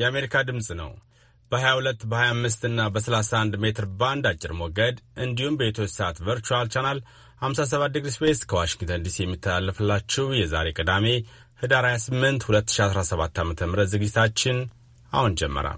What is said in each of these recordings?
የአሜሪካ ድምፅ ነው። በ22 በ25 እና በ31 ሜትር ባንድ አጭር ሞገድ እንዲሁም በኢትዮ ሰዓት ቨርቹዋል ቻናል 57 ዲግሪ ስፔስ ከዋሽንግተን ዲሲ የሚተላለፍላችሁ የዛሬ ቅዳሜ ህዳር 28 2017 ዓ ም ዝግጅታችን አሁን ጀመራ።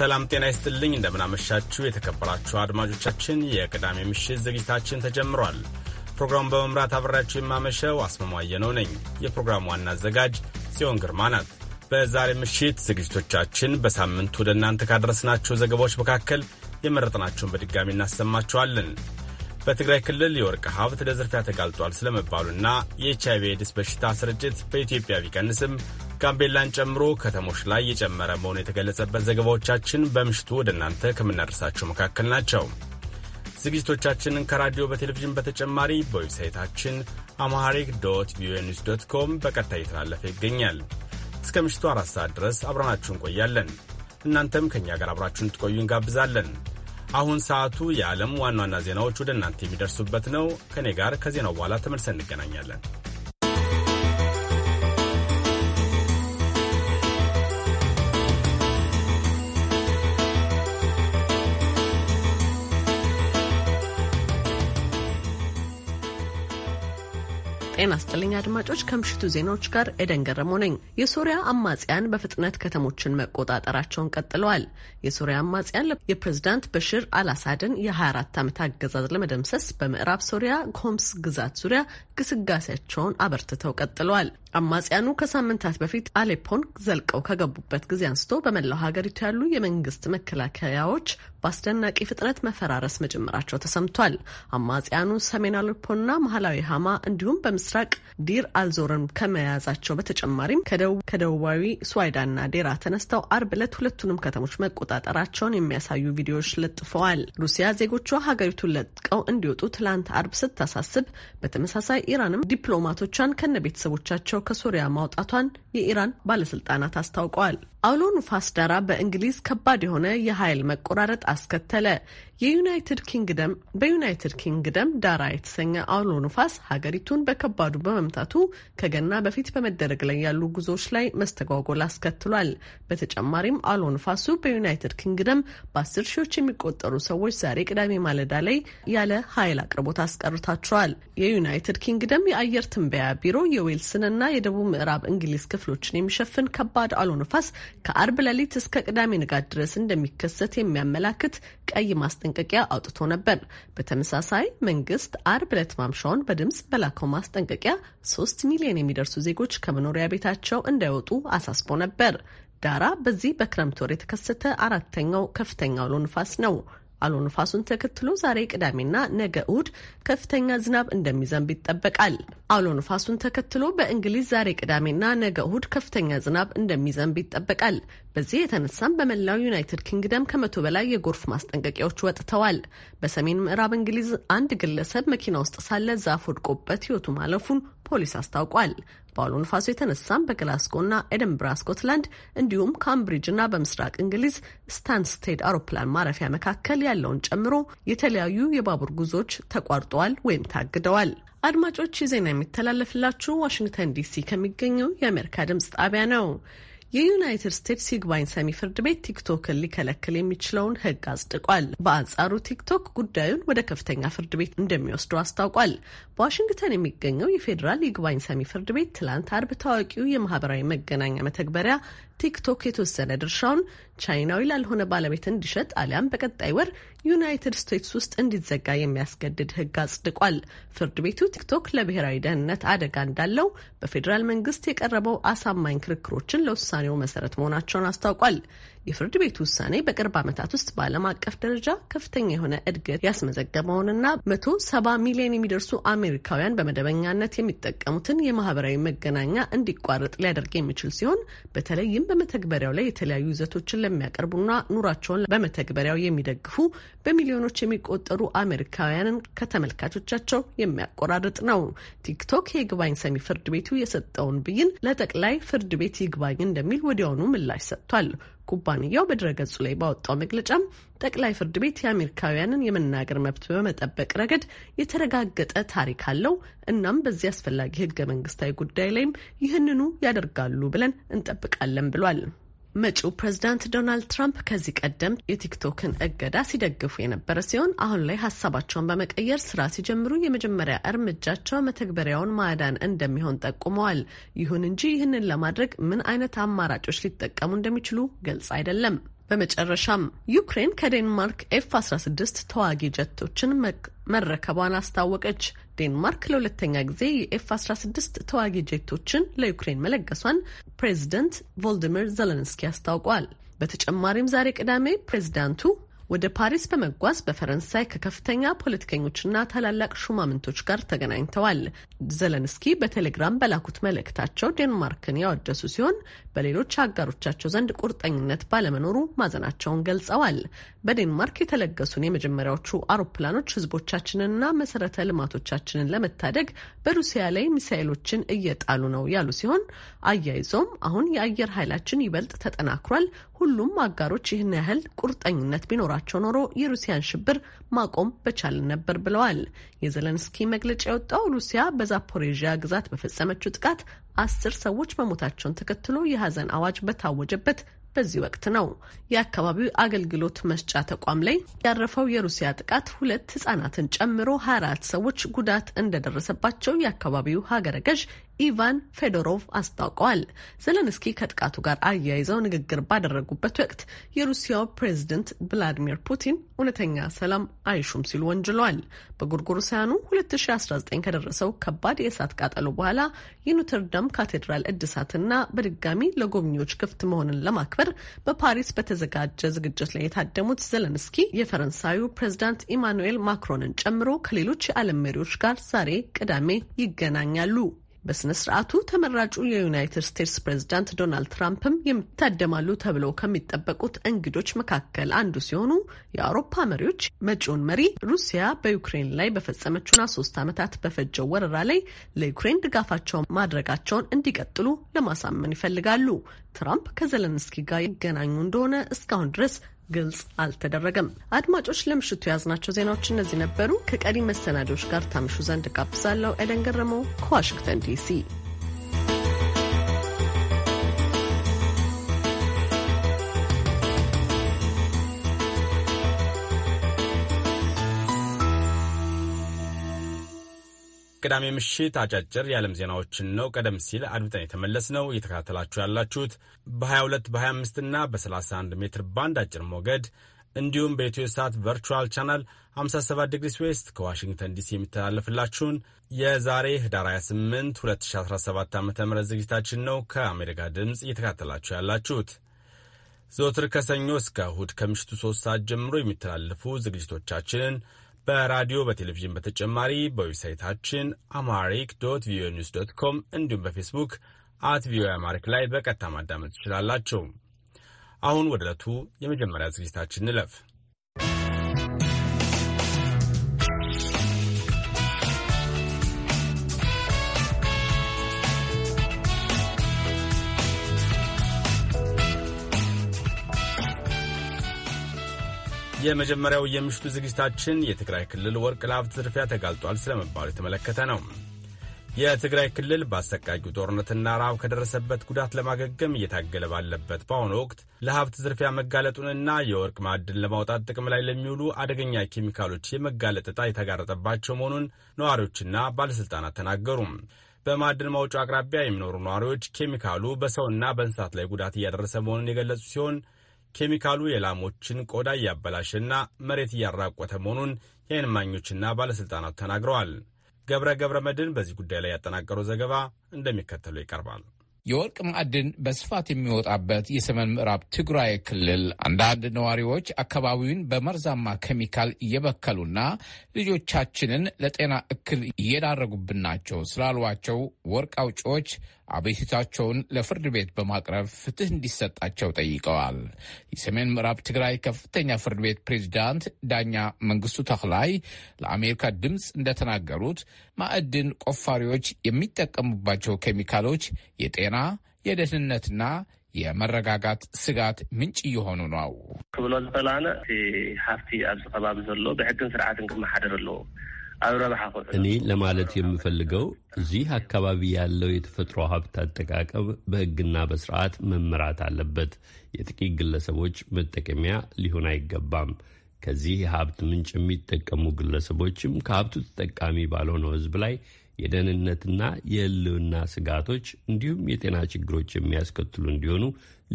ሰላም ጤና ይስጥልኝ። እንደምናመሻችሁ የተከበራችሁ አድማጮቻችን፣ የቅዳሜ ምሽት ዝግጅታችን ተጀምሯል። ፕሮግራሙ በመምራት አብሬያችሁ የማመሸው ነው ነኝ። የፕሮግራሙ ዋና አዘጋጅ ጽዮን ግርማ ናት። በዛሬ ምሽት ዝግጅቶቻችን በሳምንት ወደ እናንተ ካደረስናቸው ዘገባዎች መካከል የመረጥናቸውን በድጋሚ እናሰማችኋለን። በትግራይ ክልል የወርቅ ሀብት ለዝርፊያ ተጋልጧል ስለመባሉና የኤች አይቪ ኤድስ በሽታ ስርጭት በኢትዮጵያ ቢቀንስም ጋምቤላን ጨምሮ ከተሞች ላይ የጨመረ መሆኑ የተገለጸበት ዘገባዎቻችን በምሽቱ ወደ እናንተ ከምናደርሳቸው መካከል ናቸው። ዝግጅቶቻችንን ከራዲዮ በቴሌቪዥን በተጨማሪ በዌብሳይታችን አማሐሪክ ዶት ቪኦኤ ኒውስ ዶት ኮም በቀጥታ እየተላለፈ ይገኛል። እስከ ምሽቱ አራት ሰዓት ድረስ አብረናችሁ እንቆያለን። እናንተም ከእኛ ጋር አብራችሁን ትቆዩ እንጋብዛለን። አሁን ሰዓቱ የዓለም ዋና ዋና ዜናዎች ወደ እናንተ የሚደርሱበት ነው። ከእኔ ጋር ከዜናው በኋላ ተመልሰን እንገናኛለን። ጤና ስጥልኝ አድማጮች፣ ከምሽቱ ዜናዎች ጋር ኤደን ገረሞ ነኝ። የሶሪያ አማጽያን በፍጥነት ከተሞችን መቆጣጠራቸውን ቀጥለዋል። የሶሪያ አማጽያን የፕሬዝዳንት በሽር አልአሳድን የ24 ዓመት አገዛዝ ለመደምሰስ በምዕራብ ሶሪያ ሆምስ ግዛት ዙሪያ ግስጋሴያቸውን አበርትተው ቀጥለዋል። አማጽያኑ ከሳምንታት በፊት አሌፖን ዘልቀው ከገቡበት ጊዜ አንስቶ በመላው ሀገሪቱ ያሉ የመንግስት መከላከያዎች በአስደናቂ ፍጥነት መፈራረስ መጀመራቸው ተሰምቷል። አማጽያኑ ሰሜን አሌፖና መሀላዊ ሀማ እንዲሁም በምስራቅ ዲር አልዞርን ከመያዛቸው በተጨማሪም ከደቡባዊ ስዋይዳና ዴራ ተነስተው አርብ ዕለት ሁለቱንም ከተሞች መቆጣጠራቸውን የሚያሳዩ ቪዲዮዎች ለጥፈዋል። ሩሲያ ዜጎቿ ሀገሪቱን ለጥቀው እንዲወጡ ትላንት አርብ ስታሳስብ፣ በተመሳሳይ ኢራንም ዲፕሎማቶቿን ከነ ቤተሰቦቻቸው ከሶሪያ ማውጣቷን የኢራን ባለስልጣናት አስታውቀዋል። አውሎ ንፋስ ዳራ በእንግሊዝ ከባድ የሆነ የኃይል መቆራረጥ አስከተለ። የዩናይትድ ኪንግደም በዩናይትድ ኪንግደም ዳራ የተሰኘ አውሎ ንፋስ ሀገሪቱን በከባዱ በመምታቱ ከገና በፊት በመደረግ ላይ ያሉ ጉዞዎች ላይ መስተጓጎል አስከትሏል። በተጨማሪም አውሎ ንፋሱ በዩናይትድ ኪንግደም በአስር ሺዎች የሚቆጠሩ ሰዎች ዛሬ ቅዳሜ ማለዳ ላይ ያለ ኃይል አቅርቦት አስቀርታቸዋል። የዩናይትድ ኪንግደም የአየር ትንበያ ቢሮ የዌልስንና የደቡብ ምዕራብ እንግሊዝ ክፍሎችን የሚሸፍን ከባድ አውሎ ንፋስ ከአርብ ሌሊት እስከ ቅዳሜ ንጋት ድረስ እንደሚከሰት የሚያመላክት ቀይ ማስጠ ማስጠንቀቂያ አውጥቶ ነበር። በተመሳሳይ መንግስት አርብ ዕለት ማምሻውን በድምፅ በላከው ማስጠንቀቂያ ሶስት ሚሊዮን የሚደርሱ ዜጎች ከመኖሪያ ቤታቸው እንዳይወጡ አሳስቦ ነበር። ዳራ በዚህ በክረምት ወር የተከሰተ አራተኛው ከፍተኛ አውሎ ንፋስ ነው። አውሎ ነፋሱን ተከትሎ ዛሬ ቅዳሜና ነገ እሁድ ከፍተኛ ዝናብ እንደሚዘንብ ይጠበቃል። አውሎ ነፋሱን ተከትሎ በእንግሊዝ ዛሬ ቅዳሜና ነገ እሁድ ከፍተኛ ዝናብ እንደሚዘንብ ይጠበቃል። በዚህ የተነሳም በመላው ዩናይትድ ኪንግደም ከመቶ በላይ የጎርፍ ማስጠንቀቂያዎች ወጥተዋል። በሰሜን ምዕራብ እንግሊዝ አንድ ግለሰብ መኪና ውስጥ ሳለ ዛፍ ወድቆበት ሕይወቱ ማለፉን ፖሊስ አስታውቋል። በአውሎ ንፋሱ የተነሳም በግላስጎና ኤደንብራ ስኮትላንድ እንዲሁም ካምብሪጅና በምስራቅ እንግሊዝ ስታንስቴድ አውሮፕላን ማረፊያ መካከል ያለውን ጨምሮ የተለያዩ የባቡር ጉዞዎች ተቋርጠዋል ወይም ታግደዋል። አድማጮች፣ ዜና የሚተላለፍላችሁ ዋሽንግተን ዲሲ ከሚገኘው የአሜሪካ ድምጽ ጣቢያ ነው። የዩናይትድ ስቴትስ ይግባኝ ሰሚ ፍርድ ቤት ቲክቶክን ሊከለክል የሚችለውን ሕግ አጽድቋል። በአንጻሩ ቲክቶክ ጉዳዩን ወደ ከፍተኛ ፍርድ ቤት እንደሚወስደው አስታውቋል። በዋሽንግተን የሚገኘው የፌዴራል ይግባኝ ሰሚ ፍርድ ቤት ትላንት አርብ ታዋቂው የማህበራዊ መገናኛ መተግበሪያ ቲክቶክ የተወሰነ ድርሻውን ቻይናዊ ላልሆነ ባለቤት እንዲሸጥ አሊያም በቀጣይ ወር ዩናይትድ ስቴትስ ውስጥ እንዲዘጋ የሚያስገድድ ሕግ አጽድቋል። ፍርድ ቤቱ ቲክቶክ ለብሔራዊ ደህንነት አደጋ እንዳለው በፌዴራል መንግስት የቀረበው አሳማኝ ክርክሮችን ለውሳኔው መሰረት መሆናቸውን አስታውቋል። የፍርድ ቤት ውሳኔ በቅርብ ዓመታት ውስጥ በዓለም አቀፍ ደረጃ ከፍተኛ የሆነ እድገት ያስመዘገበውንና መቶ ሰባ ሚሊዮን የሚደርሱ አሜሪካውያን በመደበኛነት የሚጠቀሙትን የማህበራዊ መገናኛ እንዲቋረጥ ሊያደርግ የሚችል ሲሆን በተለይም በመተግበሪያው ላይ የተለያዩ ይዘቶችን ለሚያቀርቡና ኑሯቸውን በመተግበሪያው የሚደግፉ በሚሊዮኖች የሚቆጠሩ አሜሪካውያንን ከተመልካቾቻቸው የሚያቆራርጥ ነው። ቲክቶክ የይግባኝ ሰሚ ፍርድ ቤቱ የሰጠውን ብይን ለጠቅላይ ፍርድ ቤት ይግባኝ እንደሚል ወዲያውኑ ምላሽ ሰጥቷል። ኩባንያው በድረገጹ ላይ ባወጣው መግለጫም ጠቅላይ ፍርድ ቤት የአሜሪካውያንን የመናገር መብት በመጠበቅ ረገድ የተረጋገጠ ታሪክ አለው። እናም በዚህ አስፈላጊ ህገ መንግስታዊ ጉዳይ ላይም ይህንኑ ያደርጋሉ ብለን እንጠብቃለን ብሏል። መጪው ፕሬዝዳንት ዶናልድ ትራምፕ ከዚህ ቀደም የቲክቶክን እገዳ ሲደግፉ የነበረ ሲሆን አሁን ላይ ሀሳባቸውን በመቀየር ስራ ሲጀምሩ የመጀመሪያ እርምጃቸው መተግበሪያውን ማዳን እንደሚሆን ጠቁመዋል። ይሁን እንጂ ይህንን ለማድረግ ምን አይነት አማራጮች ሊጠቀሙ እንደሚችሉ ግልጽ አይደለም። በመጨረሻም ዩክሬን ከዴንማርክ ኤፍ 16 ተዋጊ ጀቶችን መረከቧን አስታወቀች። ዴንማርክ ለሁለተኛ ጊዜ የኤፍ 16 ተዋጊ ጄቶችን ለዩክሬን መለገሷን ፕሬዚደንት ቮልዲሚር ዘለንስኪ አስታውቋል። በተጨማሪም ዛሬ ቅዳሜ ፕሬዚዳንቱ ወደ ፓሪስ በመጓዝ በፈረንሳይ ከከፍተኛ ፖለቲከኞችና ታላላቅ ሹማምንቶች ጋር ተገናኝተዋል። ዘለንስኪ በቴሌግራም በላኩት መልእክታቸው ዴንማርክን ያወደሱ ሲሆን በሌሎች አጋሮቻቸው ዘንድ ቁርጠኝነት ባለመኖሩ ማዘናቸውን ገልጸዋል። በዴንማርክ የተለገሱን የመጀመሪያዎቹ አውሮፕላኖች ሕዝቦቻችንንና መሰረተ ልማቶቻችንን ለመታደግ በሩሲያ ላይ ሚሳይሎችን እየጣሉ ነው ያሉ ሲሆን አያይዞም አሁን የአየር ኃይላችን ይበልጥ ተጠናክሯል፣ ሁሉም አጋሮች ይህን ያህል ቁርጠኝነት ቢኖራቸው ኖሮ የሩሲያን ሽብር ማቆም በቻልን ነበር ብለዋል። የዘለንስኪ መግለጫ የወጣው ሩሲያ በዛፖሬዥያ ግዛት በፈጸመችው ጥቃት አስር ሰዎች መሞታቸውን ተከትሎ የሀዘን አዋጅ በታወጀበት በዚህ ወቅት ነው። የአካባቢው አገልግሎት መስጫ ተቋም ላይ ያረፈው የሩሲያ ጥቃት ሁለት ህጻናትን ጨምሮ 24 ሰዎች ጉዳት እንደደረሰባቸው የአካባቢው ሀገረ ገዥ ኢቫን ፌዶሮቭ አስታውቀዋል። ዘለንስኪ ከጥቃቱ ጋር አያይዘው ንግግር ባደረጉበት ወቅት የሩሲያው ፕሬዚደንት ቭላዲሚር ፑቲን እውነተኛ ሰላም አይሹም ሲሉ ወንጅለዋል። በጎርጎሮሳውያኑ 2019 ከደረሰው ከባድ የእሳት ቃጠሎ በኋላ የኖተርዳም ካቴድራል እድሳትና በድጋሚ ለጎብኚዎች ክፍት መሆንን ለማክበር በፓሪስ በተዘጋጀ ዝግጅት ላይ የታደሙት ዘለንስኪ የፈረንሳዩ ፕሬዚዳንት ኢማኑኤል ማክሮንን ጨምሮ ከሌሎች የዓለም መሪዎች ጋር ዛሬ ቅዳሜ ይገናኛሉ። በስነ ሥርዓቱ ተመራጩ የዩናይትድ ስቴትስ ፕሬዝዳንት ዶናልድ ትራምፕም የሚታደማሉ ተብለው ከሚጠበቁት እንግዶች መካከል አንዱ ሲሆኑ የአውሮፓ መሪዎች መጪውን መሪ ሩሲያ በዩክሬን ላይ በፈጸመችና ሶስት ዓመታት በፈጀው ወረራ ላይ ለዩክሬን ድጋፋቸውን ማድረጋቸውን እንዲቀጥሉ ለማሳመን ይፈልጋሉ። ትራምፕ ከዘለንስኪ ጋር ይገናኙ እንደሆነ እስካሁን ድረስ ግልጽ አልተደረገም። አድማጮች፣ ለምሽቱ የያዝናቸው ዜናዎች እነዚህ ነበሩ። ከቀሪ መሰናዶዎች ጋር ታምሹ ዘንድ ጋብዛለሁ። ኤደን ገረመው ከዋሽንግተን ዲሲ ቅዳሜ ምሽት አጫጭር የዓለም ዜናዎችን ነው ቀደም ሲል አድምጠን የተመለስ ነው። እየተከታተላችሁ ያላችሁት በ22 በ25 እና በ31 ሜትር ባንድ አጭር ሞገድ እንዲሁም በኢትዮ ሳት ቨርቹዋል ቻናል 57 ዲግሪ ዌስት ከዋሽንግተን ዲሲ የሚተላለፍላችሁን የዛሬ ህዳር 28 2017 ዓ ም ዝግጅታችን ነው ከአሜሪካ ድምፅ እየተከታተላችሁ ያላችሁት። ዘወትር ከሰኞ እስከ እሁድ ከምሽቱ 3 ሰዓት ጀምሮ የሚተላለፉ ዝግጅቶቻችንን በራዲዮ በቴሌቪዥን በተጨማሪ በዌብሳይታችን አማሪክ ዶት ቪኦኤ ኒውስ ዶት ኮም እንዲሁም በፌስቡክ አት ቪኦኤ አማሪክ ላይ በቀጥታ ማዳመጥ ትችላላቸው። አሁን ወደ ዕለቱ የመጀመሪያ ዝግጅታችን እንለፍ። የመጀመሪያው የምሽቱ ዝግጅታችን የትግራይ ክልል ወርቅ ለሀብት ዝርፊያ ተጋልጧል ስለመባሉ የተመለከተ ነው። የትግራይ ክልል በአሰቃቂው ጦርነትና ረሃብ ከደረሰበት ጉዳት ለማገገም እየታገለ ባለበት በአሁኑ ወቅት ለሀብት ዝርፊያ መጋለጡንና የወርቅ ማዕድን ለማውጣት ጥቅም ላይ ለሚውሉ አደገኛ ኬሚካሎች የመጋለጥ ዕጣ የተጋረጠባቸው መሆኑን ነዋሪዎችና ባለሥልጣናት ተናገሩ። በማዕድን ማውጫ አቅራቢያ የሚኖሩ ነዋሪዎች ኬሚካሉ በሰውና በእንስሳት ላይ ጉዳት እያደረሰ መሆኑን የገለጹ ሲሆን ኬሚካሉ የላሞችን ቆዳ እያበላሸና መሬት እያራቆተ መሆኑን የአይንማኞችና እማኞችና ባለሥልጣናት ተናግረዋል። ገብረ ገብረ መድን በዚህ ጉዳይ ላይ ያጠናቀረው ዘገባ እንደሚከተለው ይቀርባል። የወርቅ ማዕድን በስፋት የሚወጣበት የሰሜን ምዕራብ ትግራይ ክልል አንዳንድ ነዋሪዎች አካባቢውን በመርዛማ ኬሚካል እየበከሉና ልጆቻችንን ለጤና እክል እየዳረጉብን ናቸው ስላሏቸው ወርቅ አውጪዎች አቤቱታቸውን ለፍርድ ቤት በማቅረብ ፍትህ እንዲሰጣቸው ጠይቀዋል። የሰሜን ምዕራብ ትግራይ ከፍተኛ ፍርድ ቤት ፕሬዚዳንት ዳኛ መንግስቱ ተክላይ ለአሜሪካ ድምፅ እንደተናገሩት ማዕድን ቆፋሪዎች የሚጠቀሙባቸው ኬሚካሎች የጤና የደህንነትና የመረጋጋት ስጋት ምንጭ እየሆኑ ነው ክብሎ ዝጠላነ ሃፍቲ ኣብዚ ከባቢ ዘሎ ብሕግን ስርዓትን ክመሓደር ኣለዎ እኔ ለማለት የምፈልገው እዚህ አካባቢ ያለው የተፈጥሮ ሀብት አጠቃቀም በሕግና በስርዓት መመራት አለበት። የጥቂት ግለሰቦች መጠቀሚያ ሊሆን አይገባም። ከዚህ የሀብት ምንጭ የሚጠቀሙ ግለሰቦችም ከሀብቱ ተጠቃሚ ባልሆነው ሕዝብ ላይ የደህንነትና የሕልውና ስጋቶች እንዲሁም የጤና ችግሮች የሚያስከትሉ እንዲሆኑ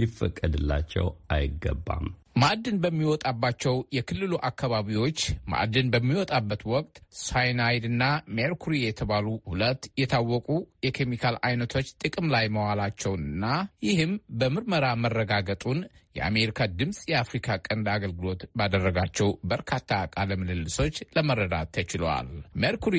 ሊፈቀድላቸው አይገባም። ማዕድን በሚወጣባቸው የክልሉ አካባቢዎች ማዕድን በሚወጣበት ወቅት ሳይናይድ እና ሜርኩሪ የተባሉ ሁለት የታወቁ የኬሚካል አይነቶች ጥቅም ላይ መዋላቸውንና ይህም በምርመራ መረጋገጡን የአሜሪካ ድምፅ የአፍሪካ ቀንድ አገልግሎት ባደረጋቸው በርካታ ቃለ ምልልሶች ለመረዳት ተችሏል። ሜርኩሪ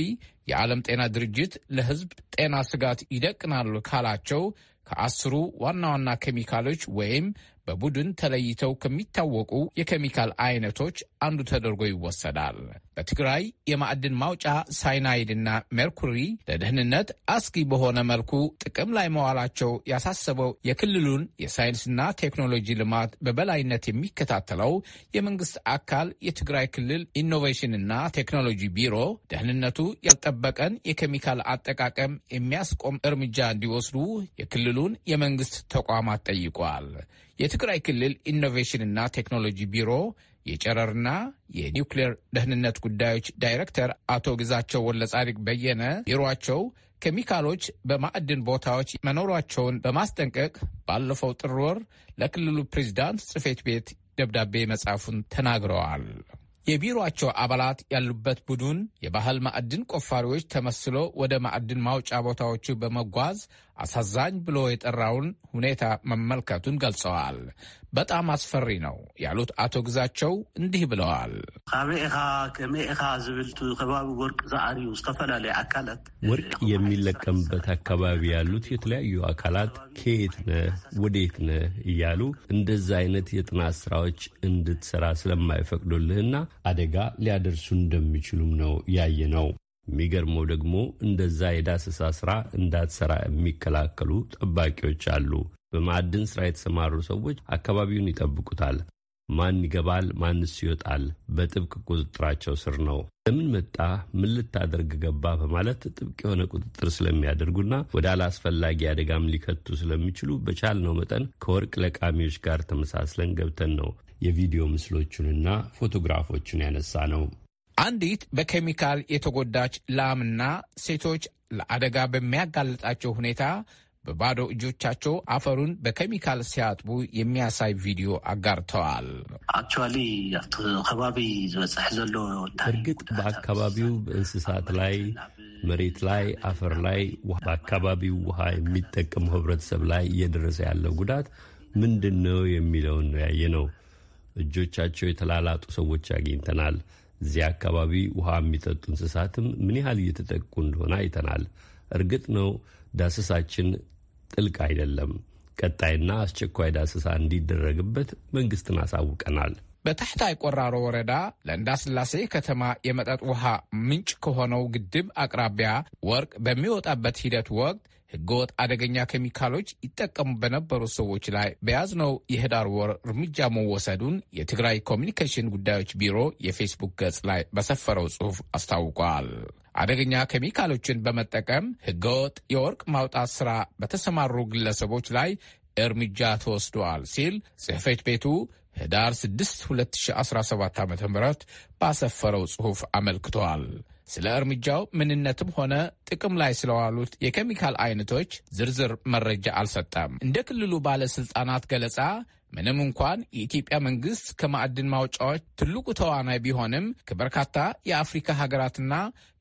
የዓለም ጤና ድርጅት ለሕዝብ ጤና ስጋት ይደቅናሉ ካላቸው ከአስሩ ዋና ዋና ኬሚካሎች ወይም በቡድን ተለይተው ከሚታወቁ የኬሚካል አይነቶች አንዱ ተደርጎ ይወሰዳል። በትግራይ የማዕድን ማውጫ ሳይናይድና ሜርኩሪ ለደህንነት አስጊ በሆነ መልኩ ጥቅም ላይ መዋላቸው ያሳሰበው የክልሉን የሳይንስና ቴክኖሎጂ ልማት በበላይነት የሚከታተለው የመንግስት አካል የትግራይ ክልል ኢኖቬሽንና ቴክኖሎጂ ቢሮ ደህንነቱ ያልጠበቀን የኬሚካል አጠቃቀም የሚያስቆም እርምጃ እንዲወስዱ የክልሉን የመንግስት ተቋማት ጠይቋል። የትግራይ ክልል ኢኖቬሽንና ቴክኖሎጂ ቢሮ የጨረርና የኒውክሌር ደህንነት ጉዳዮች ዳይሬክተር አቶ ግዛቸው ወለጻድቅ በየነ ቢሮቸው ኬሚካሎች በማዕድን ቦታዎች መኖሯቸውን በማስጠንቀቅ ባለፈው ጥር ወር ለክልሉ ፕሬዚዳንት ጽፌት ቤት ደብዳቤ መጻፉን ተናግረዋል። የቢሮቸው አባላት ያሉበት ቡድን የባህል ማዕድን ቆፋሪዎች ተመስሎ ወደ ማዕድን ማውጫ ቦታዎቹ በመጓዝ አሳዛኝ ብሎ የጠራውን ሁኔታ መመልከቱን ገልጸዋል። በጣም አስፈሪ ነው ያሉት አቶ ግዛቸው እንዲህ ብለዋል። ካበይ ኢኻ ከመይ ኢኻ ከባቢ ወርቅ ዝዓርዩ ዝተፈላለዩ አካላት ወርቅ የሚለቀምበት አካባቢ ያሉት የተለያዩ አካላት ከየት ነ ወዴት ነ እያሉ እንደዛ አይነት የጥናት ስራዎች እንድትሰራ ስለማይፈቅዱልህና አደጋ ሊያደርሱ እንደሚችሉም ነው ያየ ነው። የሚገርመው ደግሞ እንደዛ የዳሰሳ ስራ እንዳትሰራ የሚከላከሉ ጠባቂዎች አሉ። በማዕድን ስራ የተሰማሩ ሰዎች አካባቢውን ይጠብቁታል። ማን ይገባል፣ ማንስ ይወጣል በጥብቅ ቁጥጥራቸው ስር ነው። ለምን መጣ፣ ምን ልታደርግ ገባ በማለት ጥብቅ የሆነ ቁጥጥር ስለሚያደርጉና ወደ አላስፈላጊ አደጋም ሊከቱ ስለሚችሉ በቻልነው መጠን ከወርቅ ለቃሚዎች ጋር ተመሳስለን ገብተን ነው የቪዲዮ ምስሎቹንና ፎቶግራፎቹን ያነሳ ነው። አንዲት በኬሚካል የተጎዳች ላምና ሴቶች ለአደጋ በሚያጋልጣቸው ሁኔታ በባዶ እጆቻቸው አፈሩን በኬሚካል ሲያጥቡ የሚያሳይ ቪዲዮ አጋርተዋል። ከባቢ ዘሎ እርግጥ በአካባቢው በእንስሳት ላይ መሬት ላይ አፈር ላይ በአካባቢው ውሃ የሚጠቀሙ ህብረተሰብ ላይ እየደረሰ ያለው ጉዳት ምንድን ነው የሚለውን ነው ያየ ነው። እጆቻቸው የተላላጡ ሰዎች አግኝተናል። እዚያ አካባቢ ውሃ የሚጠጡ እንስሳትም ምን ያህል እየተጠቁ እንደሆነ አይተናል። እርግጥ ነው ዳሰሳችን ጥልቅ አይደለም። ቀጣይና አስቸኳይ ዳሰሳ እንዲደረግበት መንግስትን አሳውቀናል። በታሕታይ ቆራሮ ወረዳ ለእንዳስላሴ ከተማ የመጠጥ ውሃ ምንጭ ከሆነው ግድብ አቅራቢያ ወርቅ በሚወጣበት ሂደት ወቅት ህገወጥ አደገኛ ኬሚካሎች ይጠቀሙ በነበሩ ሰዎች ላይ በያዝነው የህዳር ወር እርምጃ መወሰዱን የትግራይ ኮሚኒኬሽን ጉዳዮች ቢሮ የፌስቡክ ገጽ ላይ በሰፈረው ጽሑፍ አስታውቋል። አደገኛ ኬሚካሎችን በመጠቀም ህገወጥ የወርቅ ማውጣት ሥራ በተሰማሩ ግለሰቦች ላይ እርምጃ ተወስደዋል ሲል ጽሕፈት ቤቱ ህዳር 6 2017 ዓ ም ባሰፈረው ጽሑፍ አመልክቷል። ስለ እርምጃው ምንነትም ሆነ ጥቅም ላይ ስለዋሉት የኬሚካል አይነቶች ዝርዝር መረጃ አልሰጠም። እንደ ክልሉ ባለስልጣናት ገለጻ ምንም እንኳን የኢትዮጵያ መንግስት ከማዕድን ማውጫዎች ትልቁ ተዋናይ ቢሆንም ከበርካታ የአፍሪካ ሀገራትና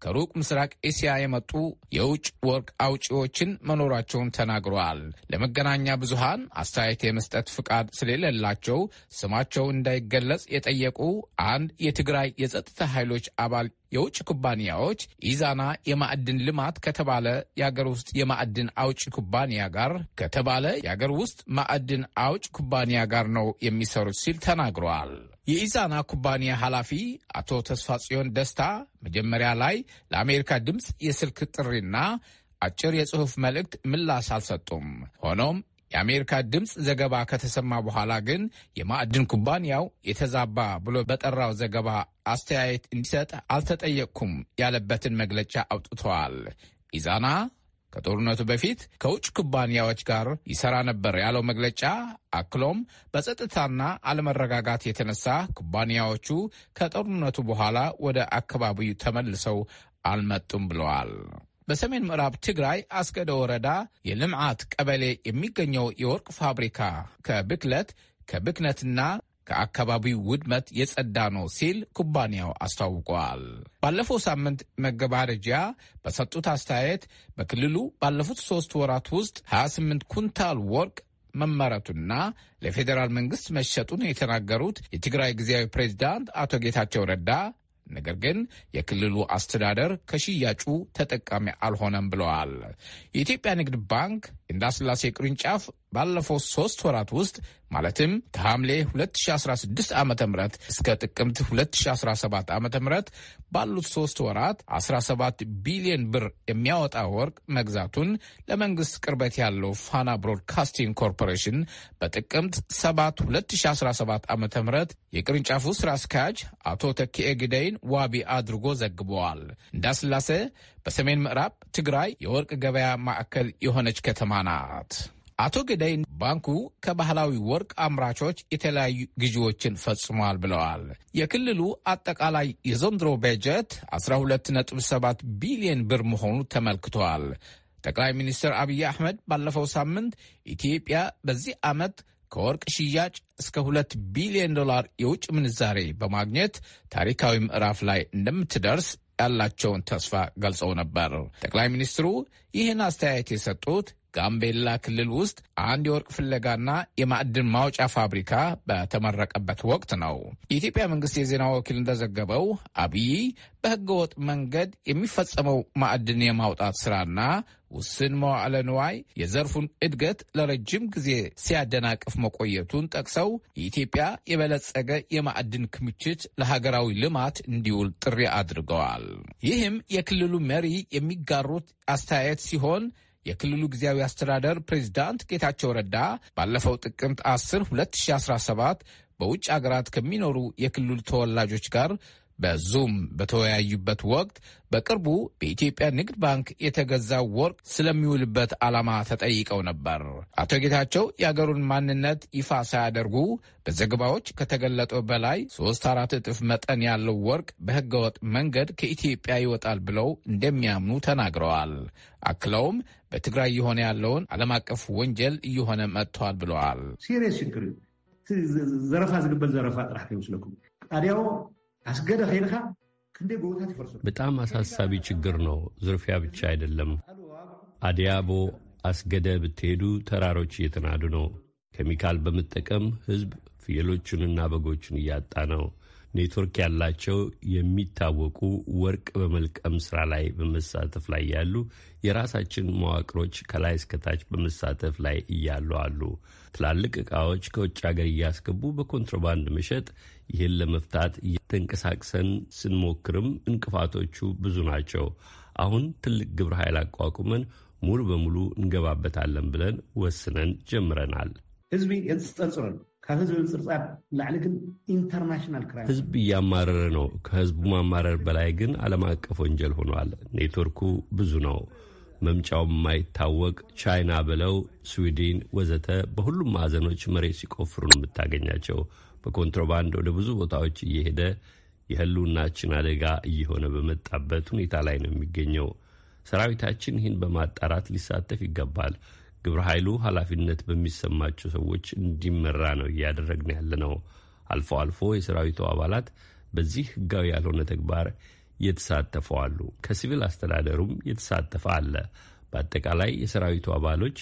ከሩቅ ምስራቅ ኤስያ የመጡ የውጭ ወርቅ አውጪዎችን መኖራቸውን ተናግረዋል። ለመገናኛ ብዙሃን አስተያየት የመስጠት ፍቃድ ስለሌላቸው ስማቸው እንዳይገለጽ የጠየቁ አንድ የትግራይ የጸጥታ ኃይሎች አባል የውጭ ኩባንያዎች ኢዛና የማዕድን ልማት ከተባለ የአገር ውስጥ የማዕድን አውጭ ኩባንያ ጋር ከተባለ የአገር ውስጥ ማዕድን አውጭ ኩባንያ ጋር ነው የሚሰሩት ሲል ተናግረዋል። የኢዛና ኩባንያ ኃላፊ አቶ ተስፋ ጽዮን ደስታ መጀመሪያ ላይ ለአሜሪካ ድምፅ የስልክ ጥሪና አጭር የጽሑፍ መልእክት ምላሽ አልሰጡም። ሆኖም የአሜሪካ ድምፅ ዘገባ ከተሰማ በኋላ ግን የማዕድን ኩባንያው የተዛባ ብሎ በጠራው ዘገባ አስተያየት እንዲሰጥ አልተጠየቅኩም ያለበትን መግለጫ አውጥተዋል። ኢዛና ከጦርነቱ በፊት ከውጭ ኩባንያዎች ጋር ይሰራ ነበር ያለው መግለጫ አክሎም በጸጥታና አለመረጋጋት የተነሳ ኩባንያዎቹ ከጦርነቱ በኋላ ወደ አካባቢው ተመልሰው አልመጡም ብለዋል። በሰሜን ምዕራብ ትግራይ አስገደ ወረዳ የልምዓት ቀበሌ የሚገኘው የወርቅ ፋብሪካ ከብክለት ከብክነትና ከአካባቢው ውድመት የጸዳ ነው ሲል ኩባንያው አስታውቋል። ባለፈው ሳምንት መገባደጃ በሰጡት አስተያየት በክልሉ ባለፉት ሶስት ወራት ውስጥ 28 ኩንታል ወርቅ መመረቱና ለፌዴራል መንግስት መሸጡን የተናገሩት የትግራይ ጊዜያዊ ፕሬዚዳንት አቶ ጌታቸው ረዳ ነገር ግን የክልሉ አስተዳደር ከሽያጩ ተጠቃሚ አልሆነም ብለዋል። የኢትዮጵያ ንግድ ባንክ እንዳስላሴ ቅርንጫፍ ባለፈው ሶስት ወራት ውስጥ ማለትም ከሐምሌ 2016 ዓ ም እስከ ጥቅምት 2017 ዓ ም ባሉት ሶስት ወራት 17 ቢሊዮን ብር የሚያወጣ ወርቅ መግዛቱን ለመንግስት ቅርበት ያለው ፋና ብሮድካስቲንግ ኮርፖሬሽን በጥቅምት 7 2017 ዓ ም የቅርንጫፉ ስራ አስኪያጅ አቶ ተኪኤ ግደይን ዋቢ አድርጎ ዘግበዋል። እንዳስላሴ በሰሜን ምዕራብ ትግራይ የወርቅ ገበያ ማዕከል የሆነች ከተማ ናት። አቶ ገዳይ ባንኩ ከባህላዊ ወርቅ አምራቾች የተለያዩ ግዢዎችን ፈጽሟል ብለዋል። የክልሉ አጠቃላይ የዘንድሮ በጀት 127 ቢሊዮን ብር መሆኑ ተመልክቷል። ጠቅላይ ሚኒስትር አብይ አሕመድ ባለፈው ሳምንት ኢትዮጵያ በዚህ ዓመት ከወርቅ ሽያጭ እስከ 2 ቢሊዮን ዶላር የውጭ ምንዛሬ በማግኘት ታሪካዊ ምዕራፍ ላይ እንደምትደርስ ያላቸውን ተስፋ ገልጸው ነበር። ጠቅላይ ሚኒስትሩ ይህን አስተያየት የሰጡት ጋምቤላ ክልል ውስጥ አንድ የወርቅ ፍለጋና የማዕድን ማውጫ ፋብሪካ በተመረቀበት ወቅት ነው። የኢትዮጵያ መንግስት የዜና ወኪል እንደዘገበው አብይ በህገወጥ መንገድ የሚፈጸመው ማዕድን የማውጣት ስራና ውስን መዋዕለ ንዋይ የዘርፉን እድገት ለረጅም ጊዜ ሲያደናቅፍ መቆየቱን ጠቅሰው የኢትዮጵያ የበለጸገ የማዕድን ክምችት ለሀገራዊ ልማት እንዲውል ጥሪ አድርገዋል። ይህም የክልሉ መሪ የሚጋሩት አስተያየት ሲሆን የክልሉ ጊዜያዊ አስተዳደር ፕሬዚዳንት ጌታቸው ረዳ ባለፈው ጥቅምት 10 2017 በውጭ አገራት ከሚኖሩ የክልሉ ተወላጆች ጋር በዙም በተወያዩበት ወቅት በቅርቡ በኢትዮጵያ ንግድ ባንክ የተገዛው ወርቅ ስለሚውልበት ዓላማ ተጠይቀው ነበር። አቶ ጌታቸው የአገሩን ማንነት ይፋ ሳያደርጉ በዘገባዎች ከተገለጠው በላይ ሶስት አራት እጥፍ መጠን ያለው ወርቅ በሕገወጥ መንገድ ከኢትዮጵያ ይወጣል ብለው እንደሚያምኑ ተናግረዋል። አክለውም በትግራይ እየሆነ ያለውን ዓለም አቀፍ ወንጀል እየሆነ መጥተዋል ብለዋል። ሲሪየስ ችግር ዘረፋ ዝግበል ዘረፋ ጥራሕ ይመስለኩም ቃዲያው አስገደ ከይልካ ክንደይ ጎቦታት ይፈርሱ። በጣም አሳሳቢ ችግር ነው። ዝርፊያ ብቻ አይደለም። አዲያቦ አስገደ ብትሄዱ ተራሮች እየተናዱ ነው። ኬሚካል በመጠቀም ህዝብ ፍየሎቹንና በጎቹን እያጣ ነው። ኔትወርክ ያላቸው የሚታወቁ ወርቅ በመልቀም ስራ ላይ በመሳተፍ ላይ ያሉ የራሳችን መዋቅሮች ከላይ እስከታች በመሳተፍ ላይ እያሉ አሉ። ትላልቅ እቃዎች ከውጭ ሀገር እያስገቡ በኮንትሮባንድ መሸጥ። ይህን ለመፍታት እየተንቀሳቅሰን ስንሞክርም እንቅፋቶቹ ብዙ ናቸው። አሁን ትልቅ ግብረ ኃይል አቋቁመን ሙሉ በሙሉ እንገባበታለን ብለን ወስነን ጀምረናል። ህዝቢ ከህዝብ ህዝቢ ላዕሊ ግን ኢንተርናሽናል ክራ ህዝብ እያማረረ ነው። ከህዝቡ ማማረር በላይ ግን ዓለም አቀፍ ወንጀል ሆኗል። ኔትወርኩ ብዙ ነው። መምጫው የማይታወቅ ቻይና ብለው ስዊድን፣ ወዘተ በሁሉም ማዕዘኖች መሬት ሲቆፍሩ ነው የምታገኛቸው። በኮንትሮባንድ ወደ ብዙ ቦታዎች እየሄደ የህልውናችን አደጋ እየሆነ በመጣበት ሁኔታ ላይ ነው የሚገኘው። ሰራዊታችን ይህን በማጣራት ሊሳተፍ ይገባል። ግብረ ኃይሉ ኃላፊነት በሚሰማቸው ሰዎች እንዲመራ ነው እያደረግን ያለ ነው። አልፎ አልፎ የሰራዊቱ አባላት በዚህ ህጋዊ ያልሆነ ተግባር የተሳተፈዋሉ። ከሲቪል አስተዳደሩም የተሳተፈ አለ። በአጠቃላይ የሰራዊቱ አባሎች፣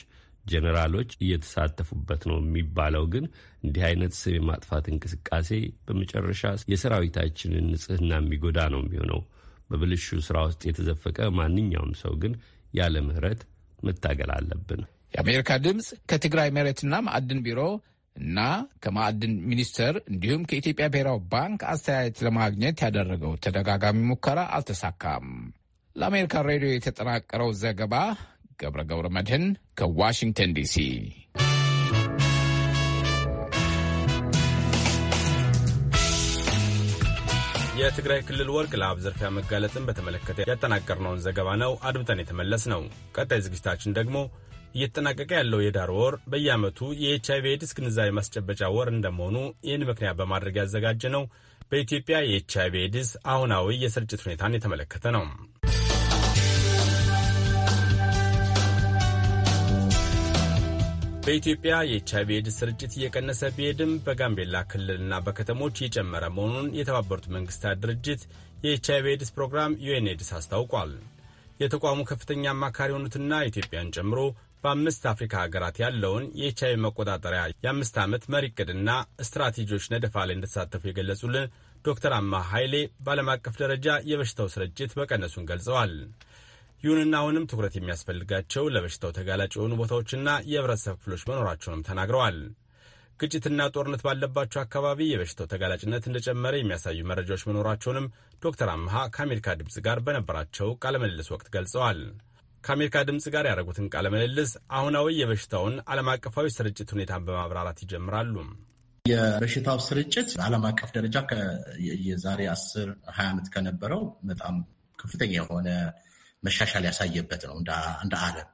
ጀኔራሎች እየተሳተፉበት ነው የሚባለው ግን እንዲህ አይነት ስም የማጥፋት እንቅስቃሴ በመጨረሻ የሰራዊታችንን ንጽህና የሚጎዳ ነው የሚሆነው። በብልሹ ስራ ውስጥ የተዘፈቀ ማንኛውም ሰው ግን ያለ ምህረት መታገል አለብን። የአሜሪካ ድምፅ ከትግራይ መሬትና ማዕድን ቢሮ እና ከማዕድን ሚኒስቴር እንዲሁም ከኢትዮጵያ ብሔራዊ ባንክ አስተያየት ለማግኘት ያደረገው ተደጋጋሚ ሙከራ አልተሳካም። ለአሜሪካ ሬዲዮ የተጠናቀረው ዘገባ ገብረ ገብረ መድህን ከዋሽንግተን ዲሲ። የትግራይ ክልል ወርቅ ለአብ ዝርፊያ መጋለጥን በተመለከተ ያጠናቀርነውን ዘገባ ነው አድምጠን የተመለስ ነው። ቀጣይ ዝግጅታችን ደግሞ እየተጠናቀቀ ያለው የዳር ወር በየዓመቱ የኤች አይቪ ኤድስ ግንዛቤ ማስጨበጫ ወር እንደመሆኑ ይህን ምክንያት በማድረግ ያዘጋጀ ነው። በኢትዮጵያ የኤች አይቪ ኤድስ አሁናዊ የስርጭት ሁኔታን የተመለከተ ነው። በኢትዮጵያ የኤች አይቪ ኤድስ ስርጭት እየቀነሰ ቢሄድም በጋምቤላ ክልልና በከተሞች እየጨመረ መሆኑን የተባበሩት መንግስታት ድርጅት የኤች አይቪ ኤድስ ፕሮግራም ዩኤንኤድስ አስታውቋል። የተቋሙ ከፍተኛ አማካሪ የሆኑትና ኢትዮጵያን ጨምሮ በአምስት አፍሪካ ሀገራት ያለውን የኤችአይቪ መቆጣጠሪያ የአምስት ዓመት መሪ እቅድና ስትራቴጂዎች ነደፋ ላይ እንደተሳተፉ የገለጹልን ዶክተር አማ ኃይሌ በዓለም አቀፍ ደረጃ የበሽታው ስርጭት መቀነሱን ገልጸዋል። ይሁንና አሁንም ትኩረት የሚያስፈልጋቸው ለበሽታው ተጋላጭ የሆኑ ቦታዎችና የህብረተሰብ ክፍሎች መኖራቸውንም ተናግረዋል። ግጭትና ጦርነት ባለባቸው አካባቢ የበሽታው ተጋላጭነት እንደጨመረ የሚያሳዩ መረጃዎች መኖራቸውንም ዶክተር አምሃ ከአሜሪካ ድምፅ ጋር በነበራቸው ቃለምልልስ ወቅት ገልጸዋል። ከአሜሪካ ድምፅ ጋር ያደረጉትን ቃለ ምልልስ አሁናዊ የበሽታውን ዓለም አቀፋዊ ስርጭት ሁኔታን በማብራራት ይጀምራሉ። የበሽታው ስርጭት ዓለም አቀፍ ደረጃ የዛሬ አስር ሀያ ዓመት ከነበረው በጣም ከፍተኛ የሆነ መሻሻል ያሳየበት ነው። እንደ ዓለም